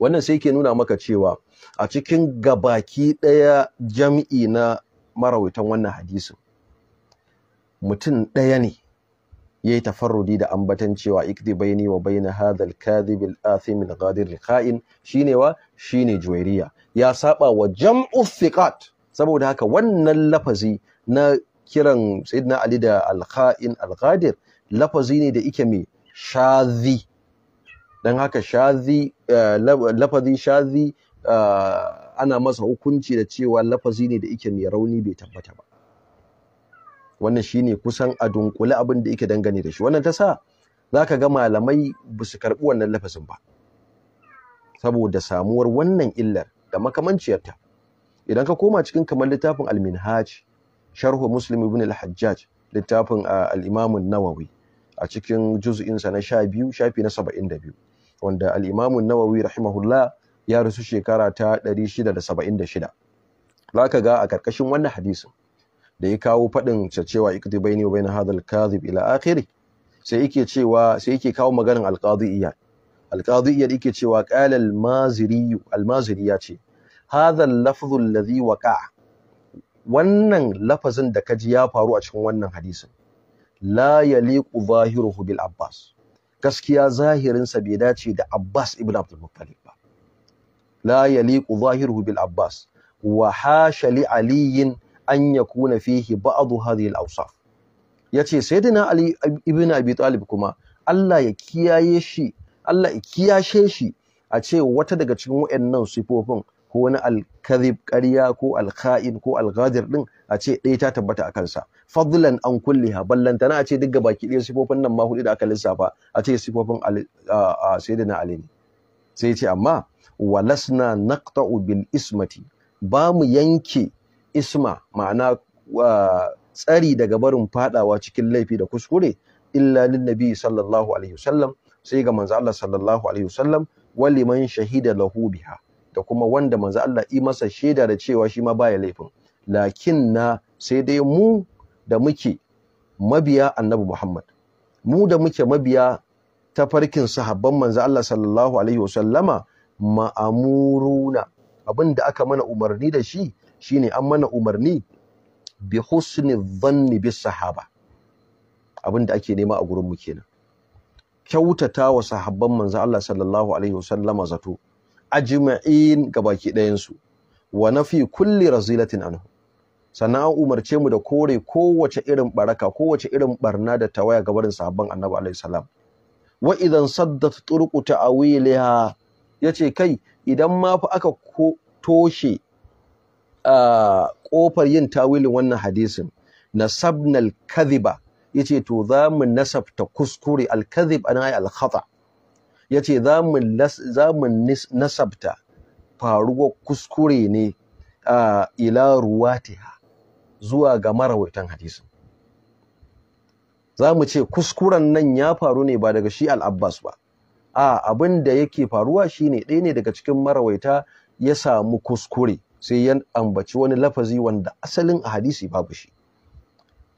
Speaker 1: wannan sai ke nuna maka cewa a cikin gabaki daya jam'i na marawitan wannan hadisin mutum daya ne yayi tafarrudi da ambatan cewa ikdi baini wa baina hadha al-kadhib al-athim al-ghadir al-kha'in shine wa shine juwairiya ya saba wa jam'u thiqat saboda haka wannan lafazi na kiran sayyidina ali da Alkha'in khain lafazi ne da yake mai shazi dan haka shazi eh, lafazi shazi eh, ana masa hukunci da cewa lafazi ne da yake mai rauni bai tabbata ba wannan shine kusan a dunkule abin da yake dangane da shi wannan ta sa za ka ga malamai ba su karɓi wannan lafazin ba saboda samuwar wannan illar da makamanciyarta idan ka koma cikin kamar littafin al-minhaj sharhu muslim ibn al-hajjaj littafin ah, al-imam an-nawawi a cikin juz'in sa na 12 shafi na 72 wanda al-imam an-nawawi rahimahullah ya rasu shekara ta 676 zaka ga a karkashin wannan hadisin da ya kawo fadin cewa iktibaini wa bain hadha al-kadhib ila akhirih sai yake cewa sai yake kawo maganar al-qadi iyad alqadi iya yake cewa qala al ya ce hadha al-lafzu waƙa'a. wannan lafazin da kaji ya faru a cikin wannan hadisin la yaliqu zahiruhu bil abbas gaskiya zahirin sa bai dace da abbas ibn abdul muttalib ba la yaliqu zahiruhu bil abbas wa hasha li aliyin an yakuna fihi ba'd hadhihi al-awsaf yace sayyidina ali ibn abi talib kuma Allah ya kiyaye shi Allah kiyashe shi a ce wata daga cikin waɗannan sifofin ko wani alkazib ƙarya ko alka'in ko alghadir din a ce ɗaya ta tabbata a kansa fadlan an kulliha ballantana a ce duk gaba ki ɗaya sifofin nan ma hudu da aka lissafa a ce sifofin a sayyidina ali ne sai ce amma walasna naqta'u bil ismati ba mu yanke isma ma'ana tsari daga barin fadawa cikin laifi da kuskure illa lin nabi sallallahu alaihi wasallam sai ga manzo Allah sallallahu alaihi wasallam waliman shahida lahu biha da kuma wanda manzo Allah yi masa shaida da cewa shi ma baya laifin lakin na sai dai mu da muke mabiya annabi Muhammad mu da muke mabiya tafarkin sahabban manzo Allah sallallahu alaihi wasallama ma'amuruna abinda aka mana umarni da shi shine an mana umarni bi husni dhanni bis sahaba abinda ake nema a gurin mu kenan kyautata wa sahabban manzo Allah sallallahu alaihi wasallama zato ajma'in gabaki ɗayan su wa nafi kulli razilatin anhu sannan an umarce mu da kore kowace irin baraka kowace irin barna da tawaya ga barin sahabban annabi alaihi salam wa idan saddat turqu ta'wiliha yace kai idan ma fa aka toshe a ah, kofar yin tawilin wannan hadisin nasabnal kadhiba yace to za mu nasabta kuskure alkazib kadhib an yace za mu za mu nasabta faruwar kuskure ne a ila ruwatiha zuwa ga marawaitan hadisin za mu ce kuskuren nan ya faru ne ba daga shi al-abbas ba a abin da yake faruwa shine ɗaya ne daga cikin marawaita ya samu kuskure sai ya ambaci wani lafazi wanda asalin a hadisi babu shi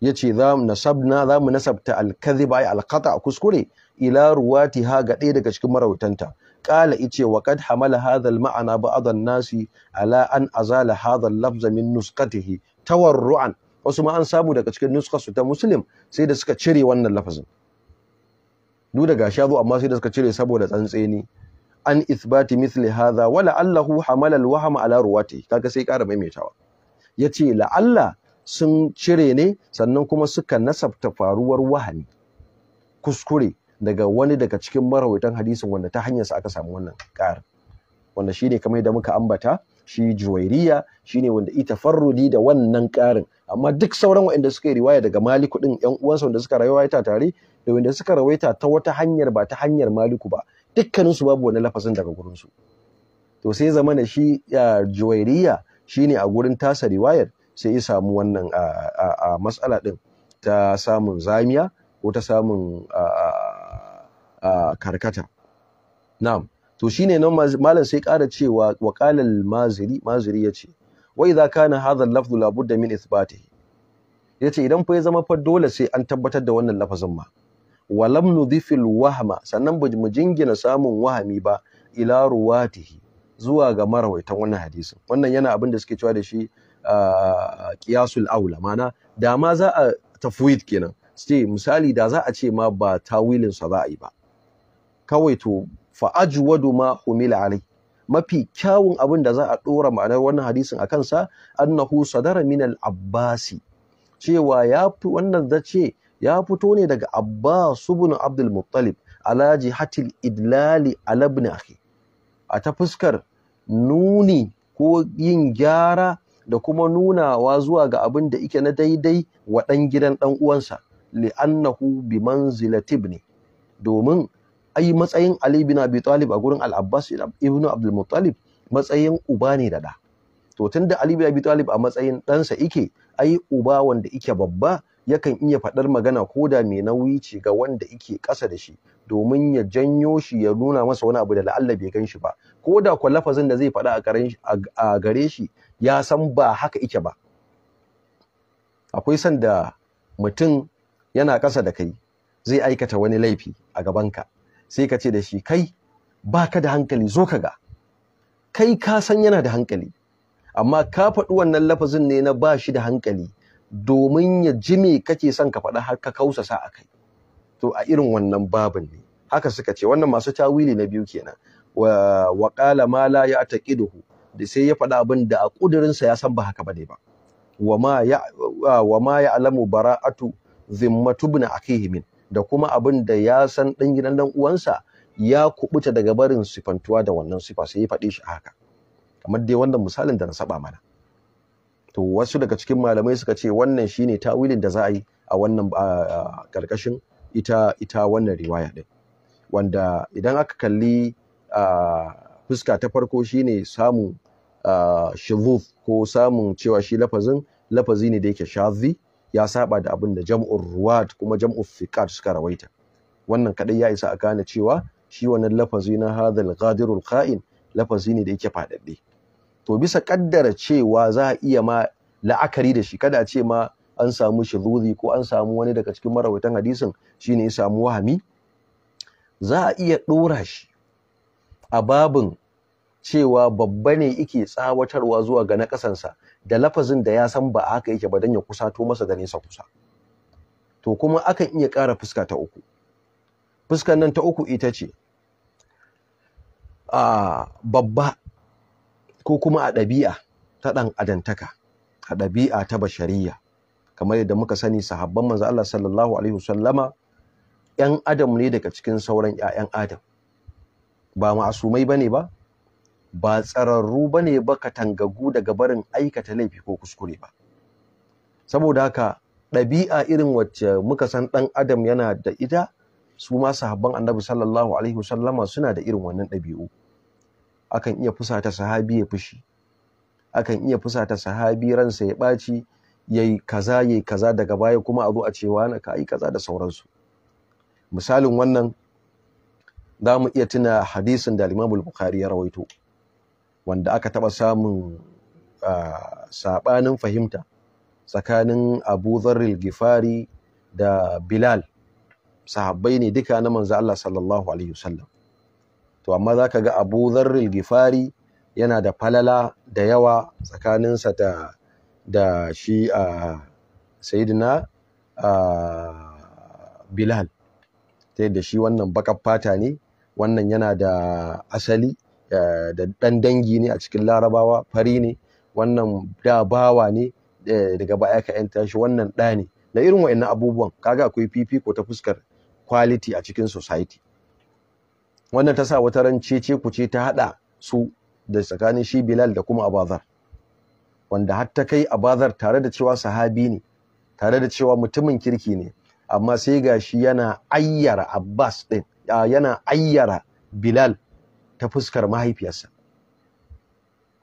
Speaker 1: ya ce za mu nasabna za mu nasabta alkaziba ya alkata a kuskure ila ruwatiha ga ɗaya daga cikin marautanta Ƙala ice wa qad hamala hadha maana ba'd an-nasi ala an azala hadha lafza min tawarru'an wasu ma an samu daga cikin nuskar ta muslim sai da suka cire wannan lafazin duk da gashi zo amma sai da suka cire saboda tsantseni an ithbati mithli hadha wala allahu hamala al-wahma ala ruwati kaga sai ƙara maimaitawa yace la'alla sun cire ne sannan kuma suka nasabta faruwar wahani kuskure daga wani daga cikin marawaitan hadisin wanda ta hanyarsa aka samu wannan ƙarin wanda shine kamar yadda muka ambata shi juwairiya shine wanda ita farrudi da wannan ƙarin amma duk sauran waɗanda suka yi riwaya daga maliku ɗin yan uwansa wanda suka rawaita tare da wanda suka rawaita ta wata hanyar ba ta hanyar maliku ba dukkaninsu babu wani lafazin daga gurinsu to sai zama shi juwairiya shine a gurin tasa riwayar sai ya samu wannan a matsala ɗin ta samun zamiya ko ta samun karkata na'am to shine nan malam sai ƙara cewa wa maziri maziri ya ce wa idza kana hadha al-lafzu la budda min ithbatihi yace idan fa ya zama fa dole sai an tabbatar da wannan lafazin ma walam nudhifil wahma sannan mu jingina samun wahami ba ila ruwatihi zuwa ga marawaitan wannan hadisin wannan yana abin da suke cewa da shi qiyasul aula mana da ma za a tafwid kenan sai misali da za a ce ma ba tawilin sa za a yi ba kawai to fa ajwadu ma humila alai mafi kyawun abin da za a dora ma'anar wannan hadisin a kansa annahu sadara min al-abbasi cewa ya fi wannan zace ya fito ne daga abbas ibn abdul muttalib ala jihatil idlali ala ibn akhi a ta fuskar nuni ko yin gyara da kuma nunawa zuwa ga abin da ike na daidai wa ɗan gidan ɗan uwansa li'annahu bi manzilati ibni domin ai matsayin Ali bin Abi Talib a gurin Al-Abbas ibn Abdul Muttalib matsayin uba ne da da to tunda Ali bin Abi Talib a matsayin ɗansa ike ai uba wanda ike babba yakan iya faɗar magana ko da mai nauyi ce ga wanda ike ƙasa da shi domin ya janyo shi ya nuna masa wani abu da la'alla bai gan shi ba ko da kwa lafazin da zai faɗa a gare shi ya san ba haka ike ba akwai san da mutum yana ƙasa da kai zai aikata wani laifi a gaban ka, sai ka ce da shi kai baka da hankali zo ka ga kai ka san yana da hankali amma ka faɗi wannan lafazin ne na ba shi da hankali domin ya ji me kake son ka faɗa har ka kausasa a kai to a irin wannan babin ne haka suka ce wannan masu tawili na biyu kenan wa, wa qala ma la taqiduhu da sai ya faɗa abin da a ƙudurinsa ya san ba haka bane ba Wa ya ya alamu bara'atu zimmatu ibn akihi min da kuma abin da ya san dan gidan dan uwansa ya kuɓuta daga barin sifantuwa da wannan sifa sai ya faɗe shi haka kamar dai wannan misalin da na saba mana to wasu daga cikin malamai suka ce wannan shine tawilin da za a yi a wannan karkashin ita ita wannan riwaya din wanda idan aka kalli a. fuska ta farko shine samun shuvuf ko samun cewa shi lafazin lafazi ne da yake shazi ya saba da abin da jam'ur ruwat kuma jam'ur fiqat suka rawaita wannan kadai ya isa a gane cewa shi wannan lafazi na hadhal qadirul qa'in lafazi ne da yake fadadde to bisa kaddara cewa za a iya ma la'akari da shi kada a ce ma an samu shudhuzi ko an samu wani daga cikin marawaitan hadisin shine ya samu wahami za a iya dora shi a babin cewa babba ne yake tsawatarwa zuwa ga na ƙasansa da lafazin da ya san ba haka yake ba dan ya kusato masa da nesa kusa to kuma akan iya ƙara fuska ta uku fuskan nan ta uku ita ce a babba ko kuma a ɗabi'a ta ɗan adantaka a ɗabi'a ta bashariya kamar yadda muka sani sahabban manzo Allah sallallahu alaihi wasallama ‘yan adam ne daga cikin sauran ‘ya'yan adam ba ma'asumai ba ne ba ba tsararru ba ne ba katangagu daga barin aikata laifi ko kuskure ba saboda haka ɗabi'a irin wacce muka san ɗan adam yana da ita su ma sahabban annabi sallallahu alaihi wasallama suna da irin wannan ɗabi'u akan iya fusata sahabi ya fushi akan iya fusata sahabi ransa ya ɓaci ya yi kaza ya yi kaza daga baya kuma a zo a cewa na ka yi kaza da sauransu misalin wannan za mu iya tuna hadisin da Imam Bukhari ya rawaito wanda aka taɓa samun saɓanin fahimta tsakanin abu zarril gifari da bilal sahabbai ne duka na manzo Allah sallallahu alaihi wasallam to amma zaka ga abu zarril gifari yana da falala da yawa tsakaninsa da da shi a sayidina bilal ta da shi wannan baƙar fata ne wannan yana da asali Eh, da ɗan dangi ne a cikin larabawa fari ne wannan da bawa ne eh, daga baya ka yanta shi wannan ɗa ne da irin wa'annan abubuwan kaga akwai fifiko ta fuskar quality a cikin society wannan ta sa wata ran cece ku ce ta haɗa su da tsakanin shi Bilal da kuma Abazar wanda har ta kai Abazar tare da cewa sahabi ne tare da cewa mutumin kirki ne amma sai gashi yana ayyara Abbas din yana ayyara Bilal ta fuskar mahaifiyarsa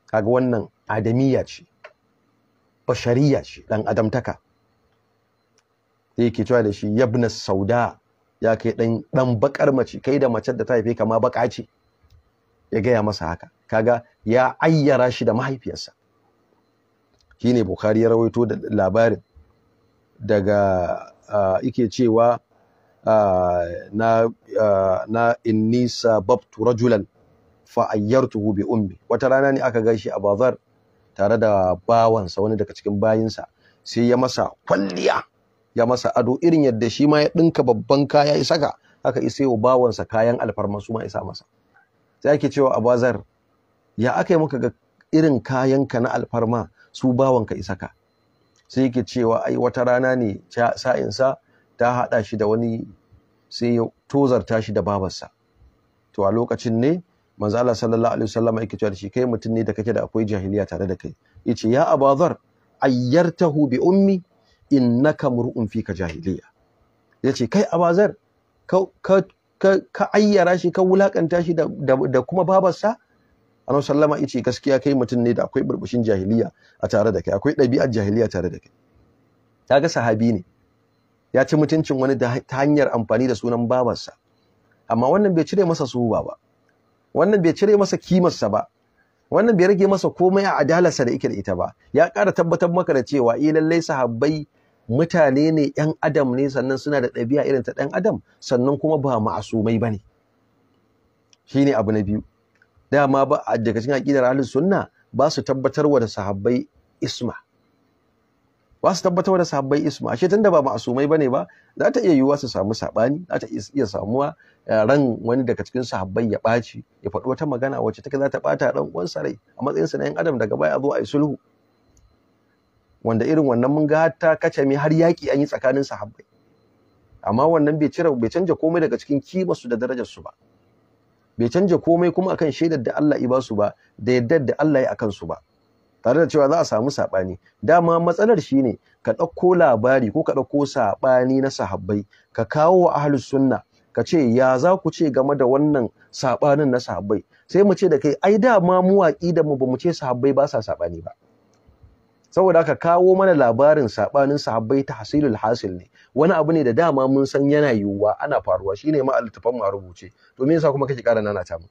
Speaker 1: kaga wannan adamiya ce bashariya ce dan adamtaka taka ke cewa da shi yabna sauda ya kai dan dan bakar mace kai da macen da ta haife kama ma baka ce ya gaya masa haka kaga ya ayyara shi da mahaifiyarsa shine bukhari ya rawaito da labarin daga yake cewa na na innisa babtu rajulan fa ayyartuhu bi ummi wata rana ne aka gaishe a bazar tare da bawansa wani daga cikin bayinsa sai ya masa kwalliya ya masa ado irin yadda shi ma ya dinka babban kaya ya saka haka isa yau bawansa kayan alfarma su ma isa masa sai ake cewa a bazar ya aka yi muka ga irin kayanka na alfarma su bawanka isa ka sai yake cewa ai wata rana ne sa'insa ta haɗa shi da wani sai ya tozarta shi da babarsa to a lokacin ne manzo Allah sallallahu alaihi wasallam yake cewa shi kai mutum ne da kake da akwai jahiliya tare da kai yace ya abazar ayyartahu bi ummi innaka mur'un ka jahiliya yace kai abazar ka ka ka ayyara shi ka wulakanta shi da, da, kuma babarsa annabi sallama yace gaskiya kai mutum ne da akwai burbushin jahiliya a tare da kai akwai ɗabi'ar jahiliya tare da kai kaga sahabi ne ya ci mutuncin wani ta hanyar amfani da sunan babarsa amma wannan bai cire masa suba ba wannan bai cire masa kimarsa ba wannan bai rage masa komai a adalarsa da yake da ita ba ya ƙara tabbatar maka da cewa eh lallai sahabbai mutane ne yan adam ne sannan suna da ɗabi'a irin ta ɗan adam sannan kuma ba ma'asumai bane shine abu na biyu dama ba a daga cikin aqidar ahlus sunna ba su wa da sahabbai isma ba su wa da sahabbai isma ashe tunda ba ma'asumai bane ba za ta iya yiwuwa su samu saɓani? za ta iya samuwa Eh, ran wani daga cikin sahabbai ya ɓaci ya faɗi wata magana wacce take za ta ɓata ɗan uwansa rai a matsayinsa na 'yan adam daga baya a zo a yi sulhu wanda irin wannan mun ga ta kace mai har yaƙi an yi tsakanin sahabbai amma wannan bai cire bai canja komai daga cikin su da darajar su ba bai canja komai kuma akan shaidar da Allah ya ba su ba da yaddar da Allah ya akan su ba tare da cewa za a samu saɓani dama matsalar shine ka ɗauko labari ko ka ɗauko saɓani na sahabbai ka kawo wa ahlus sunna ka ce ya za ku ce game da wannan saɓanin na sahabbai sai mu ce da kai ai da ma mu da mu ba mu ce sahabbai ba sa sabani ba saboda ka kawo mana labarin sabanin sahabbai ta hasilul hasil ne wani abu ne da dama mun san yana yiwuwa ana faruwa shine ma a rubuce to me yasa kuma kake ƙara nana ta mu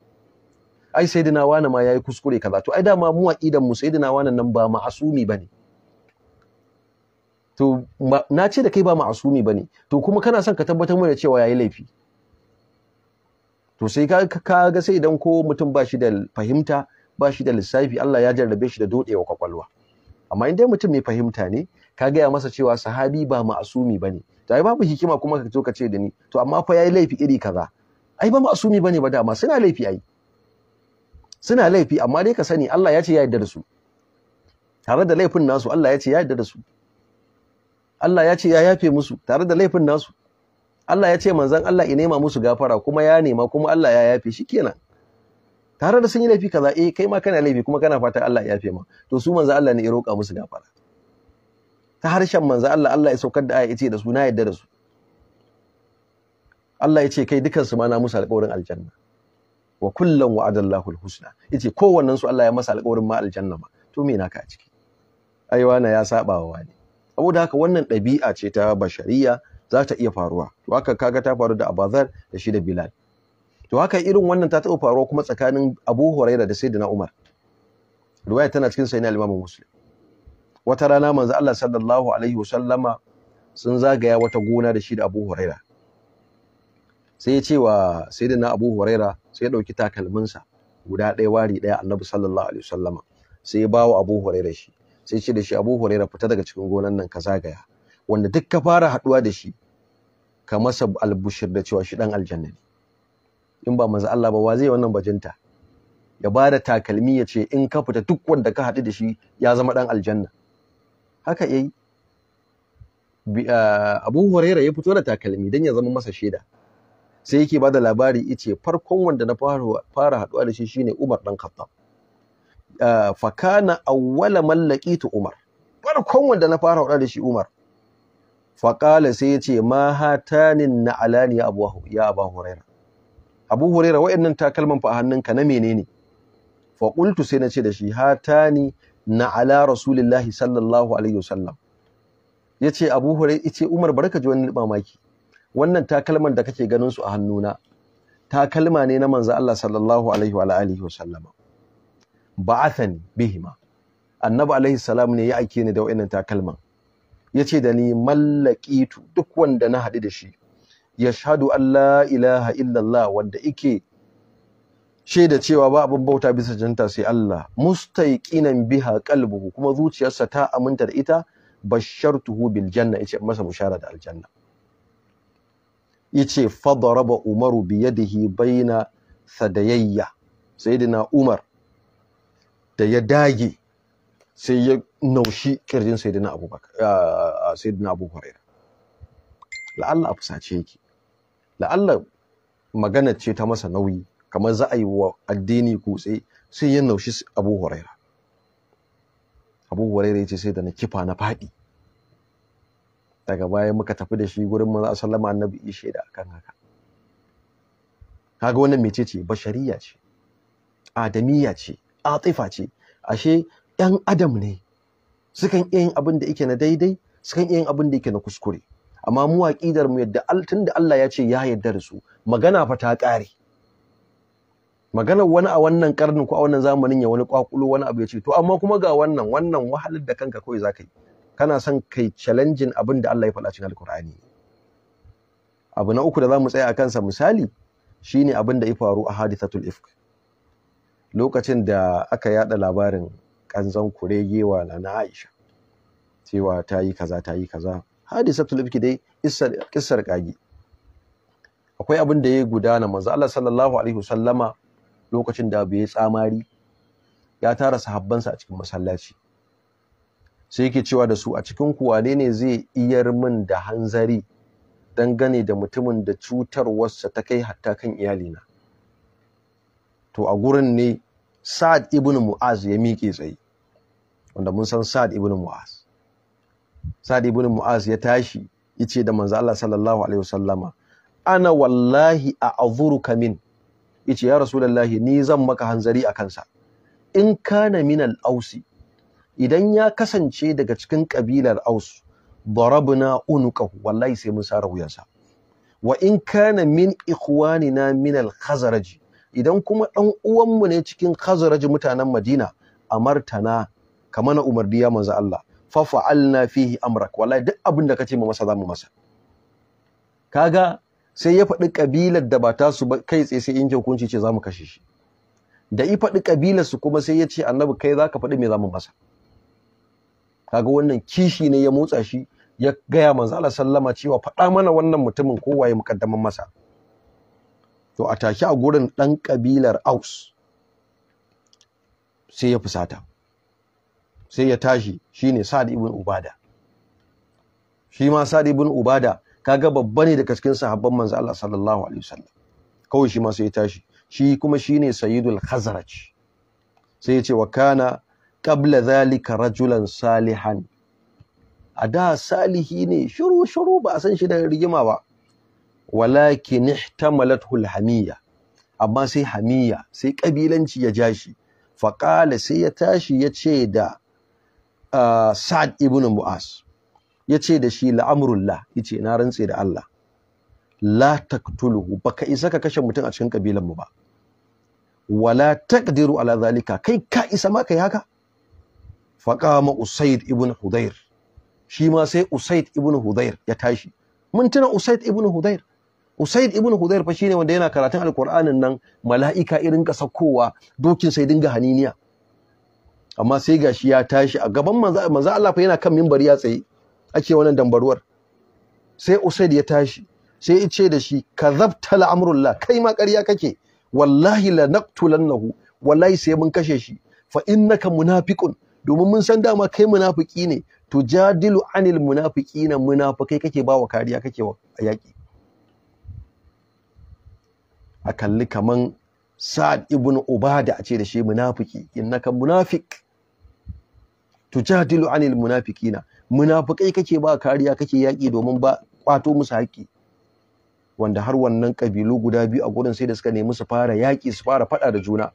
Speaker 1: ai sayyidina wani ma yayi kuskure kaza to ai dama mu da mu sayyidina wani nan ba ma'asumi bane to na ce da kai ba ma'asumi ne. to kuma kana son ka tabbatar mana cewa yayi laifi to sai ka ga sai idan ko mutum ba shi da fahimta ba shi da lissafi Allah ya jarrabe shi da dodewa kwakwalwa amma in dai mutum mai fahimta ne ka gaya masa cewa sahabi ba ma'asumi bane to ai babu hikima kuma ka zo ka ce da ni to amma fa yayi laifi iri kaza ai ba ma'asumi bane ba dama suna laifi ai suna laifi amma dai ka sani Allah ya ce ya yarda da su tare da laifin nasu Allah ya ce ya yarda da su Allah ya ce ya yafe musu tare da laifin nasu Allah ya ce manzan Allah ya nema musu gafara kuma ya nema kuma Allah ya yafe shi kenan tare da sun yi laifi kaza eh kai ma kana laifi kuma kana fata Allah ya yafe ma to su manzan Allah ne ya roƙa musu gafara ta harshen manzan Allah Allah ya saukar da aya yace da su na yadda da su Allah ya ce kai dukan su ma na musu alƙawarin aljanna wa kullum wa'adallahu alhusna yace kowannen su Allah ya masa alƙawarin ma aljanna ma to me naka a ciki ai na ya saba wa wani saboda haka wannan ɗabi'a ce ta bashariya za ta iya faruwa to haka kaga ta faru da Abazar da shi da Bilal to haka irin wannan ta taɓa faruwa kuma tsakanin Abu Huraira da Sayyidina Umar riwaya tana cikin Sahih al-Imam Muslim wata rana manzo Allah sallallahu alaihi wasallama sun zagaya wata gona da shi da Abu Huraira sai ya ce wa Sayyidina Abu Huraira sai ya dauki takalminsa guda ɗaya wari ɗaya Annabi sallallahu alaihi wasallama sai ya bawo Abu Huraira shi sai ce da shi Abu Huraira fita daga cikin gonan nan ka zagaya wanda duk ka fara haɗuwa da shi ka masa albushir da cewa shi ɗan aljanna ne in ba manzo Allah ba wa zai wannan bajinta ya bada da takalmi ya ce in ka fita duk wanda ka haɗu da shi ya zama ɗan aljanna haka yayi abu huraira ya fito da takalmi don ya zama masa shaida sai yake ba da labari ice farkon wanda na fara haɗuwa da shi shine umar ɗan khattab fakana awwala mallaqitu umar farkon wanda na fara haɗuwa da shi umar faƙala sai ya ce ma hatanin na alani ya abu huraira abu huraira wa'annan takalman fa a hannunka na menene faƙultu sai na ce da shi hatani na ala rasulillahi sallallahu alaihi wasallam ya ce abu huraira yace umar barka ji wani mamaki wannan takalman da kake ganin su a hannuna takalma ne na manzo Allah sallallahu alaihi wa alihi wasallam ba'athani bihima annabi alaihi salam ne ya aike ni da wa'annan takalman yace da ni mallakitu duk wanda na haɗu da shi yashhadu an la ilaha illallah wanda ike shaida cewa ba abin bauta bisa janta sai Allah mustaqinan biha qalbuhu kuma zuciyarsa ta aminta da ita bashartuhu bil janna yace masa bushara da aljanna yace fadaraba umaru bi yadihi baina sadayayya sayyidina umar da ya dage sai ya naushi kirjin sayyidina abubakar sayyidina abubakar la'alla afsa ce yake la'alla magana ce ta masa nauyi kamar za a yi wa addini kutse sai ya naushi abu huraira abu huraira ya ce sai da na kifa na faɗi daga baya muka tafi da shi gurin manzo sallama annabi ya shaida akan haka kaga wannan mece ce bashariya ce adamiya ce atifa ce ashe yan adam ne sukan iya yin abin da yake na daidai sukan iya yin abin da yake na kuskure amma mu aqidar mu yadda altin da Allah ya ce ya yarda da su magana fa ta ƙare maganar wani a wannan karnin ko a wannan zamanin ya wani kwakulo wani abu ya ce to amma kuma ga wannan wannan wahalar da kanka kawai zaka yi kana son kai challenging abin da Allah ya faɗa cikin alkur'ani abu na uku da zamu tsaya a kansa misali shine abin da ya faru a hadithatul ifk lokacin da aka yada labarin kanzan kuregewa na na Aisha cewa ta yi kaza ta yi kaza hadisatul ifki dai kissar kissar kagi akwai abin da ya gudana manzo Allah sallallahu alaihi wasallama lokacin da bai tsamari ya tara sahabbansa a cikin masallaci sai yake cewa da su a cikin ku wane ne zai iyar min da hanzari dangane da mutumin da cutarwarsa ta kai hatta kan iyalina to a gurin ne Sa'ad ibn Mu'az ya miƙe tsaye wanda mun san Sa'ad ibn Mu'az Sa'ad ibn Mu'az ya tashi yace da manzo Allah sallallahu alaihi wasallama ana wallahi a azuruka min yace ya rasulullahi ni zan maka hanzari a kansa in kana min al-ausi idan ya kasance daga cikin kabilar aus darabna unuka, wallahi sai mun sara wuyansa wa in kana min ikhwanina min al-khazraj idan kuma dan uwanmu ne cikin khazraj mutanen Madina amartana ka mana umarni ya manzo Allah fa fa'alna fihi amrak wallahi duk abin da kace ma masa zamu masa kaga sai ya faɗi kabilar da ba ta su kai tsaye sai in hukunci ce zamu kashe shi da i faɗi kabilar su kuma sai ya ce annabi kai zaka faɗi me zamu masa kaga wannan kishi ne ya motsa shi ya gaya manzo Allah sallama cewa faɗa mana wannan mutumin ko waye mukaddaman masa to a tashi a gurin dan kabilar aus sai ya fusata sai ya tashi shine Sa'ad ibn Ubada shi ma Sa'ad ibn Ubada kaga babba ne daga cikin sahabban manzo Allah sallallahu alaihi wasallam kawai shi ma sai ya tashi shi kuma shine Sayyidul Khazraj sai ya ce wa kana qabla dhalika rajulan salihan a da salihi ne shiru shiru ba a san shi da rigima ba walakin ihtamalathu alhamiyya amma sai hamiya sai kabilanci ya jashi faqala sai ya tashi ya ce da Uh, Sa'ad ibn Mu'az ce da shi la'amrullah ce na rantse da Allah la taqtuluhu baka isa ka kashe mutum a cikin kabilanmu mu ba wala taqdiru ala zalika kai ka isa ma kai haka faqama usayd ibn hudayr shi ma sai Usaid ibn hudayr ya tashi mun tuna usayd ibn hudayr Usaid ibn Hudayr fa shine wanda yana karatun Alƙur'anin nan mala'ika irin ka sakkowa dokin sai dinga haniniya amma sai gashi ya tashi a gaban manzo manzo Allah fa yana kan minbari ya tsaye ake wannan dambaruwar sai Usaid ya tashi sai ya ce da shi kazabta al'amrullah kai ma ƙarya kake wallahi la naqtulannahu wallahi sai mun kashe shi fa innaka munafiqun domin mun san dama kai munafiki ne to jadilu anil munafiqina munafikai kake bawa kariya kake a yaki a kalli kaman Sa'ad ibn Ubada a ce da shi munafiki innaka munafiq tujadilu anil munafikina. munafikai kake ba kariya kake yaki domin ba kwato musu haƙi wanda har wannan kabilu guda biyu a gurin sai da suka nemi su fara yaki su fara fada da juna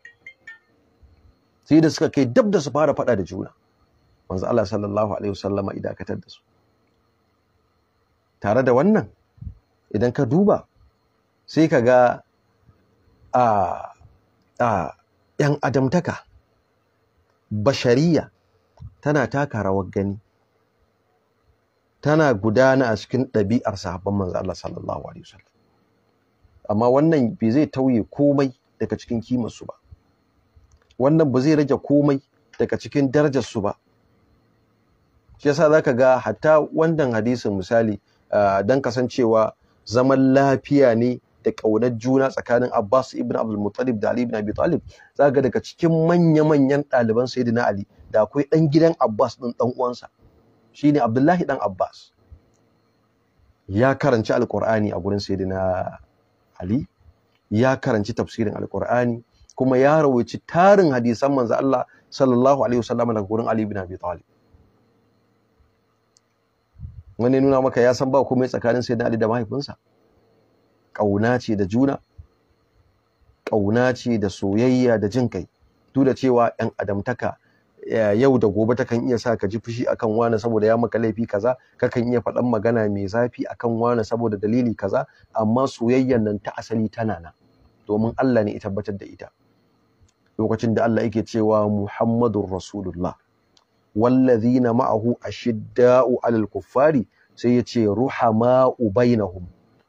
Speaker 1: sai da suka kai dab da su fara fada da juna manzo Allah sallallahu alaihi wasallama ka da su tare da wannan idan ka duba sai ka ga a a yan adamtaka bashariya tana taka rawar gani tana gudana a cikin ɗabi'ar sahabban manzo Allah sallallahu alaihi wasallam amma wannan bai zai tauye komai daga cikin kimar su ba wannan ba zai rage komai daga cikin darajar su ba shi yasa zaka ga hatta wannan hadisin misali dan kasancewa zaman lafiya ne da ƙaunar juna tsakanin Abbas ibn Abdul Muttalib da Ali ibn Abi Talib zaka ga daga cikin manya-manyan ɗaliban Sayyidina Ali da akwai ɗan gidan Abbas ɗin ɗan uwansa shine Abdullahi ɗan Abbas ya karanci Alƙur'ani a gurin sayyidina Ali ya karanci tafsirin alkur'ani kuma ya rawaici tarin hadisan manzo Allah sallallahu alaihi wasallam daga gurin Ali bin Abi Talib wani nuna maka ya san ba komai tsakanin sayyidina Ali da mahaifinsa kauna ce da juna Ƙauna ce da soyayya da jin kai duk da cewa yan adamtaka Eh, yau da gobe takan iya sa ka ji fushi akan wani saboda ya maka laifi kaza kakan iya faɗan magana mai zafi akan wani saboda dalili kaza amma soyayyan nan ta asali tana nan domin Allah ne ya tabbatar da ita lokacin da Allah yake cewa Muhammadur Rasulullah wallazina ma'ahu ashidda'u 'alal kuffari sai ya ce ruhama'u bainahum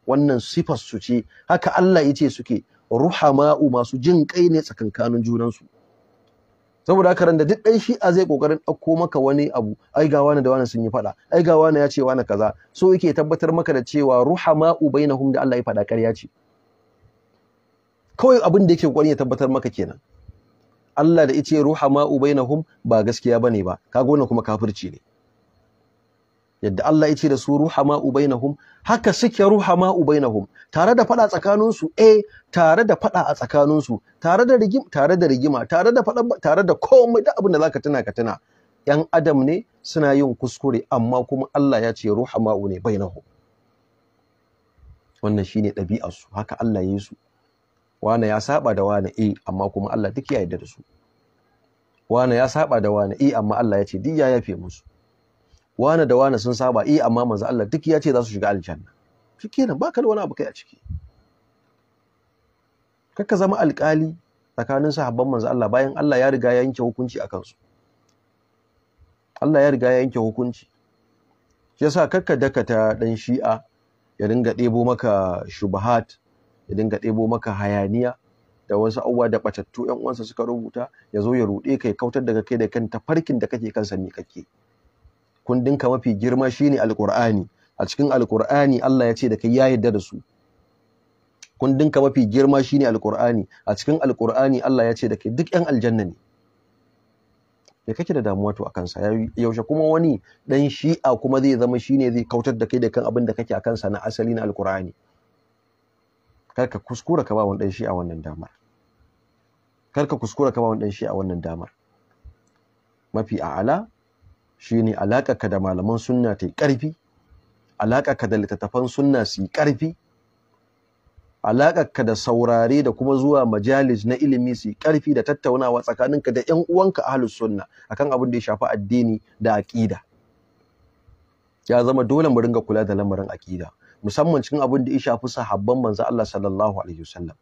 Speaker 1: wannan sifar su ce haka Allah yace suke ruhama'u masu jin kai ne tsakankanin junansu su saboda haka ran duk dan shi'a zai kokarin ɗauko maka wani abu ai ga wani da wani sun yi faɗa ai ga wani ya ce wani kaza so yake tabbatar maka da cewa ruhama bainahum da Allah ya fada ƙarya ce kawai abin da yake kokarin ya tabbatar maka kenan Allah da yace ruhama bainahum ba gaskiya bane ba kaga wannan kuma kafirci ne yadda Allah ya ce da su ma ubainahum haka suke ruha ma ubainahum tare da fada tsakanin su eh tare da fada a tsakanin su tare da rigima tare da rigima tare da fada tare da komai da abin da zaka tuna ka tuna yan adam ne suna yin kuskure amma kuma Allah ya ce ruha ma ne bainahum wannan shine ɗabi'ar su haka Allah ya su wani ya saba da wani eh amma kuma Allah duk ya yarda da su wani ya saba da wani eh amma Allah ya ce duk ya yafe musu wane da wane sun saba eh amma manzo Allah duk ya ce za su shiga aljanna shikenan ba ka da wani abu kai a ciki kakka zama alkali tsakanin sahabban manzo Allah bayan Allah ya riga ya yanke hukunci a kansu Allah ya riga ya yanke hukunci shi yasa kakka dakata dan shi'a ya dinga ɗebo maka shubahat ya dinga ɗebo maka hayaniya da wasu abubuwa da ɓatattu 'yan uwansa suka rubuta ya zo ya ruɗe ka ya kautar daga kai da kan tafarkin da kake kansa ni kake kundinka mafi girma shine alqur'ani a cikin alqur'ani Allah ya ce da kai ya yarda da su kundinka mafi girma shine alqur'ani a cikin alqur'ani Allah ya ce da kai duk yan aljanna ne ya kake da damuwa to akan sa yaushe kuma wani dan shi'a kuma zai zama shine zai kautar da kai da kan abin da kake akan sa na asali na alqur'ani kar ka kuskura ka ba wani dan shi'a wannan damar kar ka kuskura ka ba wani dan shi'a wannan damar mafi a'ala shine ka da malaman sunna ta yi ƙarfi ka da littattafan sunna su yi ƙarfi ka da saurare da kuma zuwa majalis na ilimi su yi ƙarfi da tattaunawa tsakaninka da ƴan uwanka ahlus sunna akan abin da ya shafi addini da aƙida ya zama dole mu ringa kula da lamarin aƙida musamman cikin abin da ya shafi sahabban manzo Allah sallallahu alaihi wasallam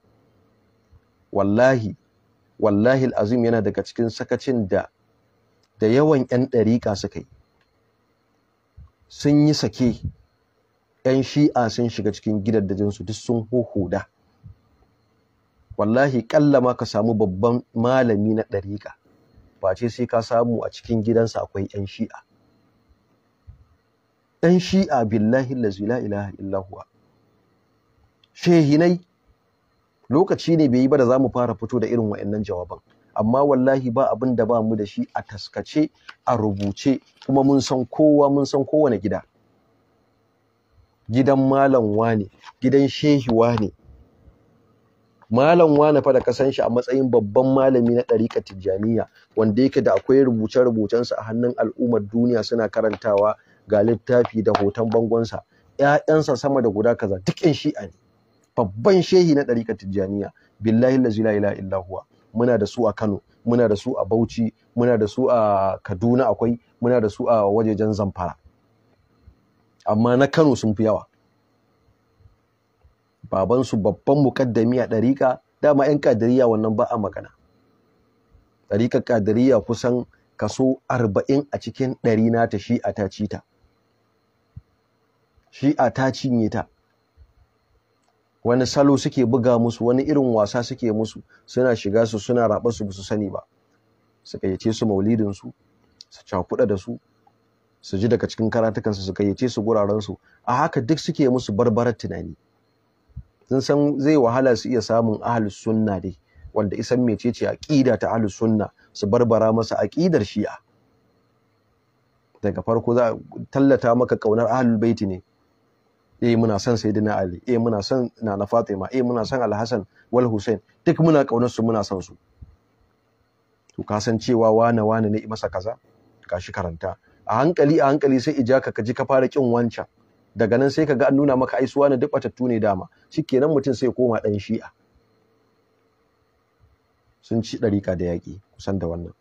Speaker 1: wallahi wallahi alazim yana daga cikin sakacin da da yawan 'yan ɗariƙa suka yi sun yi sake 'yan shi'a sun shiga cikin gidan da jinsu duk sun huhuda wallahi ƙalla ma ka samu babban malami na ɗariƙa face sai ka samu a cikin gidansa akwai 'yan shi'a ɗan shi'a billahi lazi la ilaha illahuwa shehinai lokaci ne bai yi ba da za mu fara fito da irin wa'annan jawaban amma wallahi ba abin da ba mu da shi a taskace a rubuce kuma mun san kowa mun san kowane gida gidan malam wane gidan shehi wane malam wane fa da kasan shi a matsayin babban malami na ɗarika tijjaniya wanda yake da akwai rubuce-rubucensa a hannun al'ummar duniya suna karantawa ga littafi da hoton bangonsa ‘ya'yansa sama da guda kaza duk ‘yan shi'a ne babban shehi na ɗarika tijjaniya billahi la ilaha illa muna da su a Kano muna da su a Bauchi muna da su a Kaduna akwai muna da su a wajejen Zamfara amma na Kano sun fi yawa babansu babban mukaddami a ɗariƙa dama 'yan ƙadiriya wannan ba a magana ɗariƙar ƙadiriya kusan kaso arba'in a cikin ɗari nata shi'a ta ci ta shi'a ta cinye ta wani salo suke buga musu wani irin wasa suke musu suna shiga su suna raba su su sani ba su kayyace su maulidin su su cakuɗa da su su ji daga cikin karatukan su su kayyace su guraren su a haka duk suke musu barbarar tunani sun san zai wahala su iya samun ahlus sunna dai wanda isan mecece aqida ta ahlus sunna su barbara masa aqidar shi'a daga farko za tallata maka kaunar ahlul baiti ne eh muna son sayyidina ali eh muna son nana fatima eh muna son alhassan wal hussein duk muna kaunar su muna son su to ka san cewa wane wane ne masa kaza gashi karanta a hankali a hankali sai ija ka kaji ka fara kin wancan daga nan sai ka ga an nuna maka ai suwa duk batattu ne dama shikenan mutum sai koma dan shi'a sun ci ɗariƙa da yaƙi kusan da wannan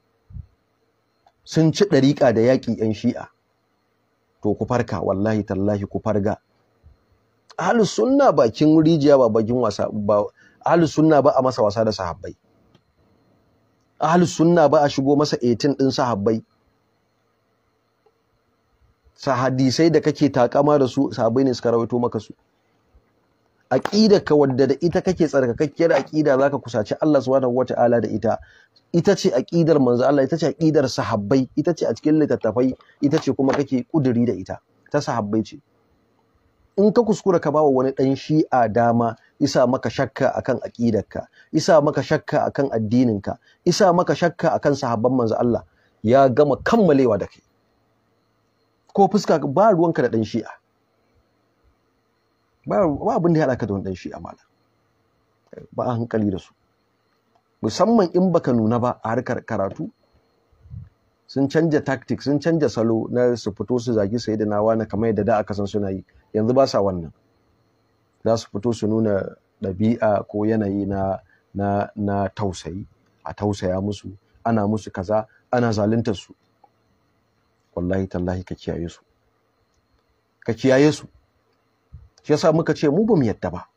Speaker 1: sun ci ɗariƙa da yaƙi ‘yan shi'a to ku farka wallahi tallahi ku farga ahlu sunna bakin rijiya ba bakin wasa ba ahlu sunna ba a masa wasa da sahabbai ahlu sunna ba a shigo masa 18 din sahabbai sahadisai da kake takama da su sahabbai ne suka rawaito maka su ka wadda da ita kake tsarkakakkiyar aqida zaka kusaci Allah subhanahu wataala da ita ita ce aqidar manzo Allah ita ce aqidar sahabbai ita ce a cikin littattafai ita ce kuma kake kuduri da ita ta sahabbai ce in ka kuskura ka bawa wani ɗan shi'a dama isa maka shakka akan aƙidarka isa maka shakka akan addininka isa maka shakka akan sahabban manzo Allah ya gama kammalewa da kai ko fuska ba ruwanka da ɗan shi'a ba abin da ya haɗa da wani ɗan shi'a mala ba hankali da su musamman in baka nuna ba a harkar karatu sun canja tactics sun canja salo na su fito su zagi sai da nawa na kamar yadda da aka san suna yi yanzu ba sa wannan za su fito su nuna ɗabi'a ko yanayi na na na tausayi a tausaya musu ana musu kaza ana zaluntar su wallahi tallahi ka kiyaye su ka kiyaye su shi yasa muka ce mu bamu yadda ba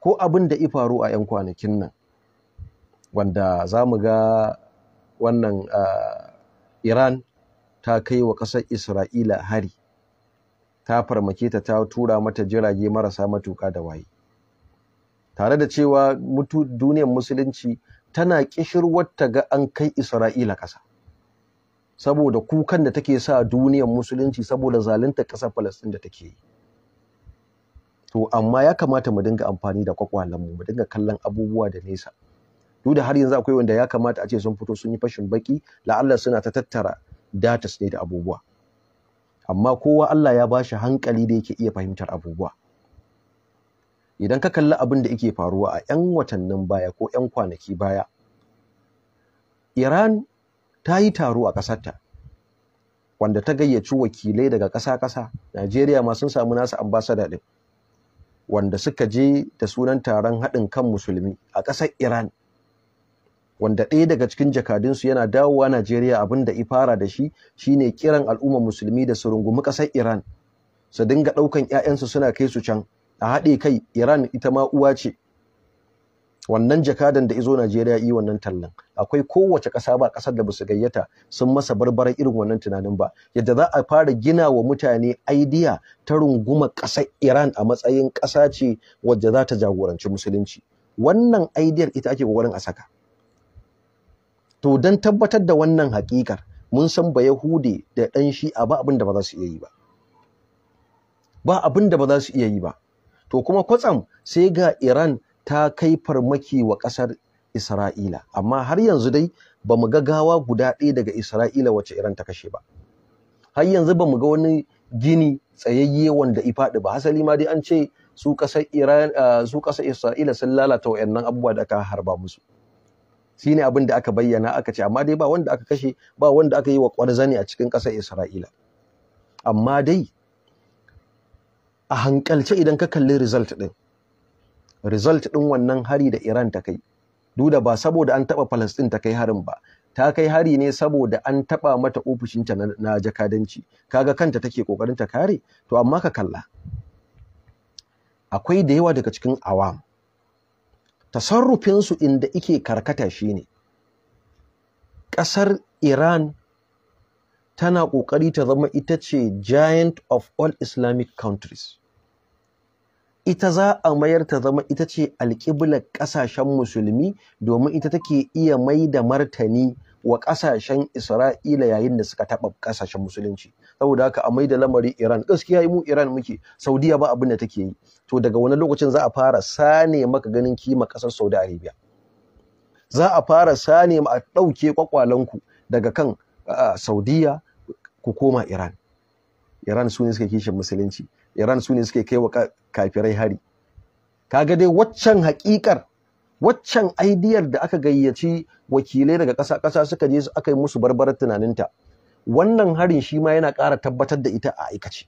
Speaker 1: ko abin da i faru a 'yan kwanakin nan wanda za mu ga wannan ah, Iran ta kai wa ƙasar Isra'ila hari ta farmake ta ta tura mata jirage marasa matuƙa da waye tare da cewa mutu duniyar musulunci tana kishirwar ta ga an kai Isra'ila ƙasa saboda kukan da take sa duniyar musulunci saboda zalunta ƙasar Falasɗin da take yi to amma ya kamata mu dinga amfani da kwakwalenmu mu dinga kallon abubuwa da nesa duk da har yanzu akwai wanda ya kamata a ce sun fito sun yi fashin baki la'alla suna ta tattara data ne da abubuwa amma kowa Allah ya ba shi hankali da yake iya fahimtar abubuwa idan ka kalli abin da yake faruwa a 'yan watannin baya ko 'yan kwanaki baya Iran ta yi taro a ƙasarta wanda ta gayyaci wakilai daga ƙasa-ƙasa Najeriya ma sun samu nasu ambasada ɗin wanda suka je da sunan taron haɗin kan musulmi a ƙasar Iran wanda ɗaya daga cikin jakadunsu yana dawowa Najeriya abin da ifara da shi shine kiran al'ummar musulmi da su rungumi ƙasar Iran su dinga ɗaukan 'ya'yansu suna kai su can a haɗe kai Iran ita ma uwa ce wannan jakadan da izo Najeriya yi wannan tallan akwai kowace ƙasa ba ƙasar da su gayyata sun masa barbaran irin wannan tunanin ba yadda za a fara gina wa mutane aidiya ta runguma ƙasar Iran a matsayin ƙasa ce wadda za ta jagoranci musulunci wannan idea ita ake kokarin a saka to don tabbatar da wannan haƙiƙar mun san ba Yahude da ɗan shi'a ba abin da ba za su iya yi ba ba abin da ba za su iya yi ba to kuma kwatsam sai ga Iran ta kai farmaki wa ƙasar Isra'ila amma har yanzu dai ba mu ga gawa guda ɗaya daga Isra'ila wacce Iran ta kashe ba har yanzu ba mu ga wani gini tsayayye wanda ifaɗi ba hasali ma dai an ce su ƙasar Iran ah, su ƙasar Isra'ila sun lalata wa'annan abubuwa da aka harba musu shine abin da aka bayyana aka ce amma dai ba wanda aka kashe ba wanda aka yi wa kwarzani a cikin ƙasar Isra'ila amma dai a hankalce idan ka kalli result din result din wannan hari da Iran ta kai Duda ba saboda an taba Palestine ta kai harin ba ta kai hari ne saboda an taɓa mata ofishinta na, na jakadanci kaga kanta take kokarin ta kare to amma ka kalla akwai da yawa daga cikin awam tasarrufinsu inda ike karkata shi ne. ƙasar iran tana ƙoƙari ta zama ita ce giant of all islamic countries ita za a mayar ta zama ita ce alƙiblar ƙasashen musulmi domin ita take iya mai da martani wa ƙasashen Isra'ila yayin da suka taɓa ƙasashen musulunci saboda haka a da lamarin Iran gaskiya mu Iran muke Saudiya ba abin da take yi to daga wani lokacin za a fara sane maka ganin kima ƙasar Saudi Arabia za a fara sane ma a ɗauke ƙwaƙwalanku daga kan Saudiya ku koma Iran Iran su ne suke kishin musulunci Iran su ne suke kai wa kafirai hari kaga dai waccan haƙiƙar waccan aidiyar da aka gayyaci wakilai daga ƙasa-ƙasa suka je aka yi musu barbarar tunaninta wannan harin shi ma yana ƙara tabbatar da ita a aikace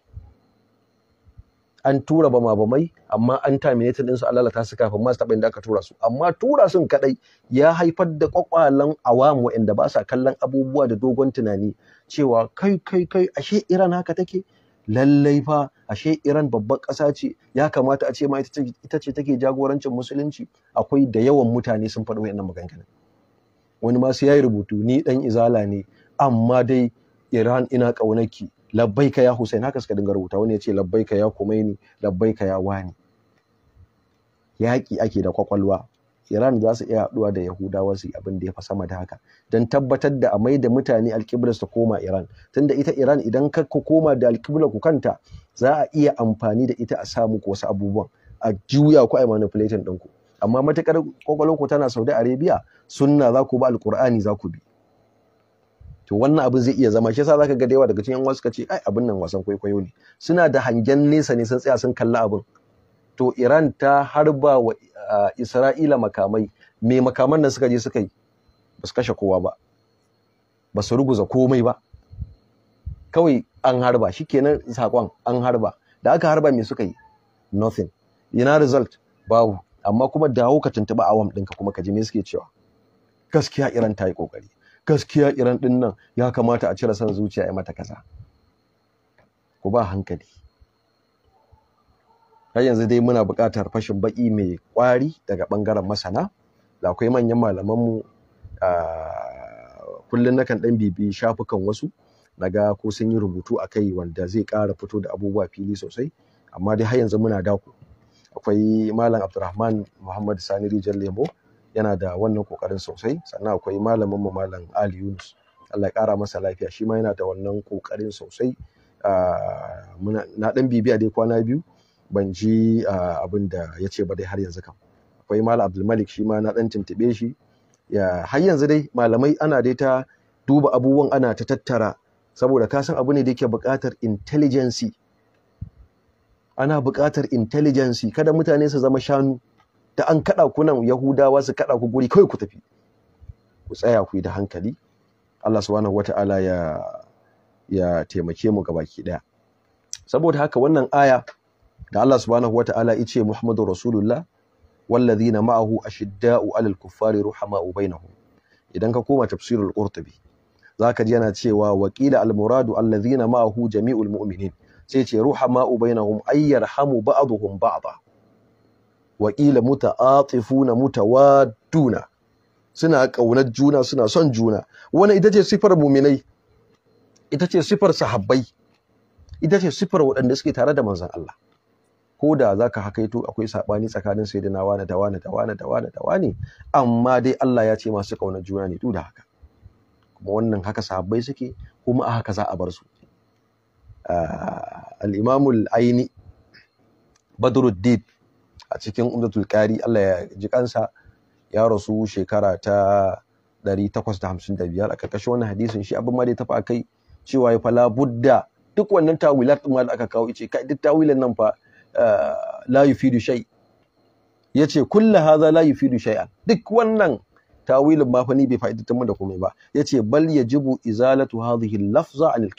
Speaker 1: an tura bama bamai amma an terminated ɗinsu an lalata su kafin masu taɓa inda aka tura su amma tura sun kaɗai ya haifar da ƙwaƙwalan awamu waɗanda ba sa kallon abubuwa da dogon tunani cewa kai kai kai ashe iran haka take lallai fa ashe iran babban ƙasa ce ya kamata a ce ma ita ce take jagorancin musulunci akwai da yawan mutane sun faɗi waɗannan maganganun wani ma sai ya yi rubutu ni dan izala ne amma dai iran ina kaunaki, labbaika ya husain haka suka dinga rubuta wani ya ce labbaika ya kumaini, labbaika ya wani yaƙi ake da kwakwalwa Iran za su iya haɗuwa da Yahudawa su yi abin da ya fa sama da haka don tabbatar da a mai da mutane alƙiblar su koma Iran tunda ita Iran idan ka koma da alƙiblar ku kanta za a iya amfani da ita a samu ku wasu abubuwan a juya ku a manipulating ɗinku amma matakar kwakwalwarku tana saudi arabia sunna za ku bi alkur'ani za ku bi to wannan abin zai iya zama shi yasa zaka ga da yawa daga cikin wasu suka ce ai abin nan wasan kwaikwayo ne suna da hangen nesa ne sun tsaya sun kalla abin to Iran ta harba wa Isra'ila makamai me makaman nan suka je suka yi ba su kashe kowa ba ba su ruguza komai ba kawai an harba shikenan sakon an harba da aka harba me suka yi nothing ina result babu amma kuma dawo ka tuntuɓa awam ɗinka kuma ka ji me suke cewa gaskiya iran ta yi ƙoƙari gaskiya iran ɗin nan ya kamata a cire son zuciya ya mata kaza ku ba hankali har yanzu dai muna buƙatar fashin baƙi mai ƙwari daga ɓangaren masana da akwai manyan malamanmu kullum kan ɗan bibi shafukan wasu na ga ko sun yi rubutu a kai wanda zai ƙara fito da abubuwa fili sosai amma dai har yanzu muna dako akwai malam abdurrahman muhammad sani rijal lemo yana da wannan kokarin sosai sannan akwai malamin mu malam ali yunus allah ya kara masa lafiya shi ma yana da wannan kokarin sosai ah, na ɗan bibiya dai kwana biyu ban ji ah, abin da ya ce ba dai har yanzu kam akwai malam abdulmalik shi ma na dan tuntube shi ya har yanzu dai malamai ana dai ta duba abubuwan ana ta tattara saboda kasan abu ne da yake buƙatar intelligence ana buƙatar intelligence kada mutane su zama shanu ta an kada ku nan yahudawa su kaɗa ku guri kawai ku tafi ku tsaya ku yi da hankali Allah subhanahu wata'ala ya ya taimake mu gabaki daya. saboda haka wannan aya da Allah subhanahu wata'ala yace Muhammadu Rasulullah wallazina ma'ahu ashidda'u 'alal kuffari ruhama'u bainahum idan ka koma tafsirul qurtubi zaka ji yana cewa waqila al muradu allazina ma'ahu jami'ul mu'minin sai ce ruha ruhama ubainahum ayyarhamu ba'dhum ba'dha wa qila muta'atifuna mutawadduna suna ƙaunar juna suna son juna wannan ita ce sifar muminai ita ce sifar sahabbai ita ce sifar waɗanda suke tare da manzon Allah ko da zaka hakaito akwai saɓani tsakanin saidinawa wani da wani da wani da da amma dai Allah ya ce masu ƙaunar juna ne duk da haka kuma wannan haka sahabbai suke kuma a haka za a bar su al'imamul aini badruddin a cikin umdatul kari allah ya ji kansa ya rasu shekara ta 855 a karkashin wannan hadisin shi abin ma da ya tafi akai cewa ya fala budda duk wannan tawilat ma da aka kawo ce kai duk tawilan nan fa la yufidu shay yace kullu hadha la yufidu shay'an duk wannan tawilin ma fa ni bai fa'idatar mu da komai ba yace bal jibu, izalatu hadhihi lafza anil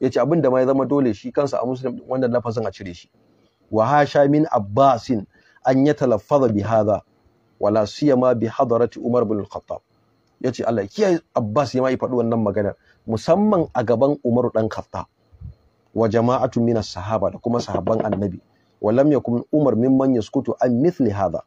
Speaker 1: yace abin da ma ya zama dole shi kansa a muslim wanda lafazin a cire shi wa hasha min abbasin an talaffaza bi hadha wala siyama bi hadarati umar bin al-khattab yace Allah kiyaye abbas ya mai faɗi wannan magana musamman a gaban umar dan khatta wa jama'atu min as-sahaba da kuma sahabban annabi wa lam yakun umar mimman yaskutu an mithli hadha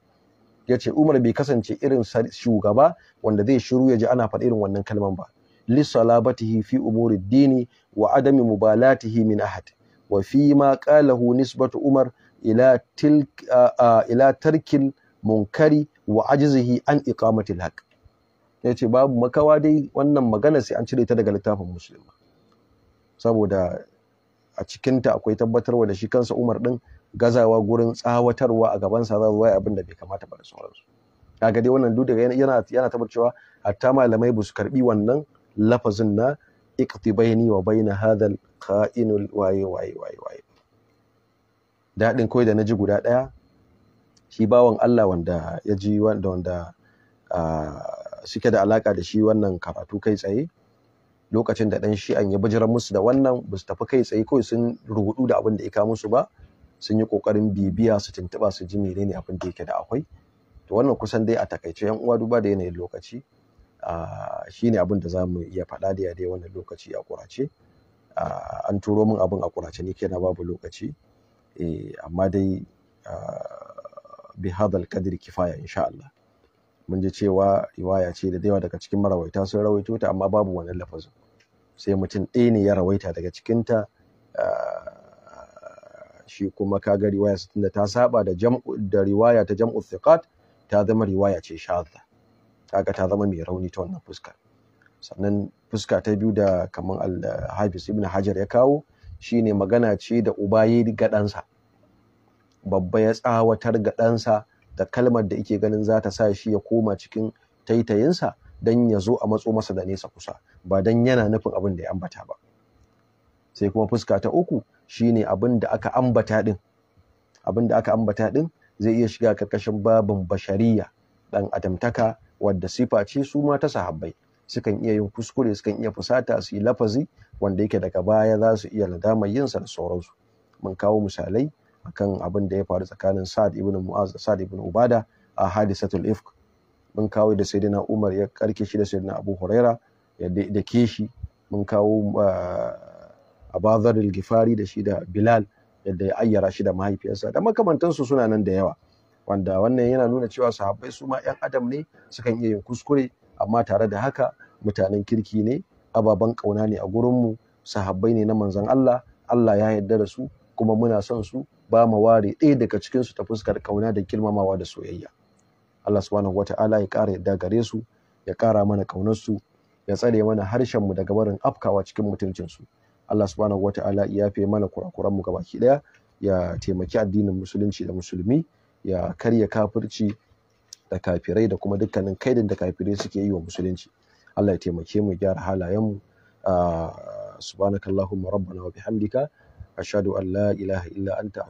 Speaker 1: yace umar bai kasance irin shugaba wanda zai shiru ya ji ana faɗi irin wannan kalman ba لصلابته في fi الدين dini wa من أحد min قاله wa fi ma تلك nisbatu umar ila tilk ila tarkil munkari wa ajzihi an yace babu makawa dai wannan magana sai an cire ta daga littafin musulma saboda a cikinta akwai tabbatarwa da shi kansa umar din gazawa gurin tsawatarwa a sa za zuwa abin da bai kamata ba da sauransu kaga dai wannan duk daga yana yana tabbacewa hatta malamai ba su karbi wannan lafazin na iktibaini bayani wa baina hadal kainul waye waye waye waye daɗin kawai da na ji guda ɗaya shi bawan Allah wanda ya ji wanda wanda suke da alaka da shi wannan karatu kai tsaye lokacin da ɗan shi'an ya bijirar musu da wannan ba su tafi kai tsaye kawai sun rubutu da abin da ya musu ba sun yi ƙoƙarin bibiya su tuntuɓa su ji menene abin da yake da akwai to wannan kusan dai a takaice yan uwa duba da yanayin lokaci Shi ne abin da za mu iya faɗa da dai wannan lokaci a kurace an turo min abin a kurace ni kenan babu lokaci e, amma dai bi hadal kadri kifaya insha Allah mun ji cewa riwaya ce da dayawa daga cikin marawaita sun rawaito ta amma babu wannan lafazin sai mutum ɗaya ne ya rawaita daga cikinta shi kuma kaga riwaya 60 ta saba da da riwaya ta jam'u thiqat ta zama riwaya ce shadda kaga ta zama mai rauni ta wannan fuska sannan fuska ta biyu da kamar al-hafiz ibn hajar ya kawo shine magana ce da uba ya yi babba ya tsawatar ga ɗansa da kalmar da yake ganin za ta sa shi ya koma cikin taitayinsa don ya zo a matso masa da nesa kusa ba don yana nufin abin da ya ambata ba sai kuma fuska ta uku shine abin da aka ambata din abin da aka ambata din zai iya shiga karkashin babin bashariya dan adamtaka wadda sifa ce su ta sahabbai sukan iya yin kuskure sukan iya fusata su yi lafazi wanda yake daga baya za su iya yin sa da sauransu mun kawo misalai akan abin da ya faru tsakanin Sa'ad ibn Mu'az da Sa'ad ibn Ubada a hadisatul ifk mun kawo da sayyidina Umar ya karke shi da sayyidina Abu Huraira ya da keshi mun kawo eh, Abu al-Ghifari da shi da Bilal yadda ya ayyara shi da mahaifiyarsa da makamantansu suna nan da yawa wanda wannan yana nuna cewa sahabbai su ma 'yan adam ne sukan iya yin kuskure amma tare da haka mutanen kirki ne ababen ƙauna ne a gurinmu sahabbai ne na manzon Allah Allah ya yarda da su kuma muna son su ba mu ware ɗaya daga cikin su ta fuskar ƙauna da girmamawa da soyayya Allah subhanahu wata'ala ya ƙara yarda gare su ya ƙara mana ƙaunar su ya tsare mana harshen mu daga barin afkawa cikin mutuncin su Allah subhanahu wata'ala ya yafe mana kurakuran mu gabaki ɗaya ya taimaki addinin musulunci da musulmi ya karya kafirci da kafirai da kuma dukkanin kaidin da kafirai suke yi wa musulunci Allah ya taimake mu gyara halayenmu ah, subhanakallahumma rabbana wa bihamdika ashhadu an la ilaha illa anta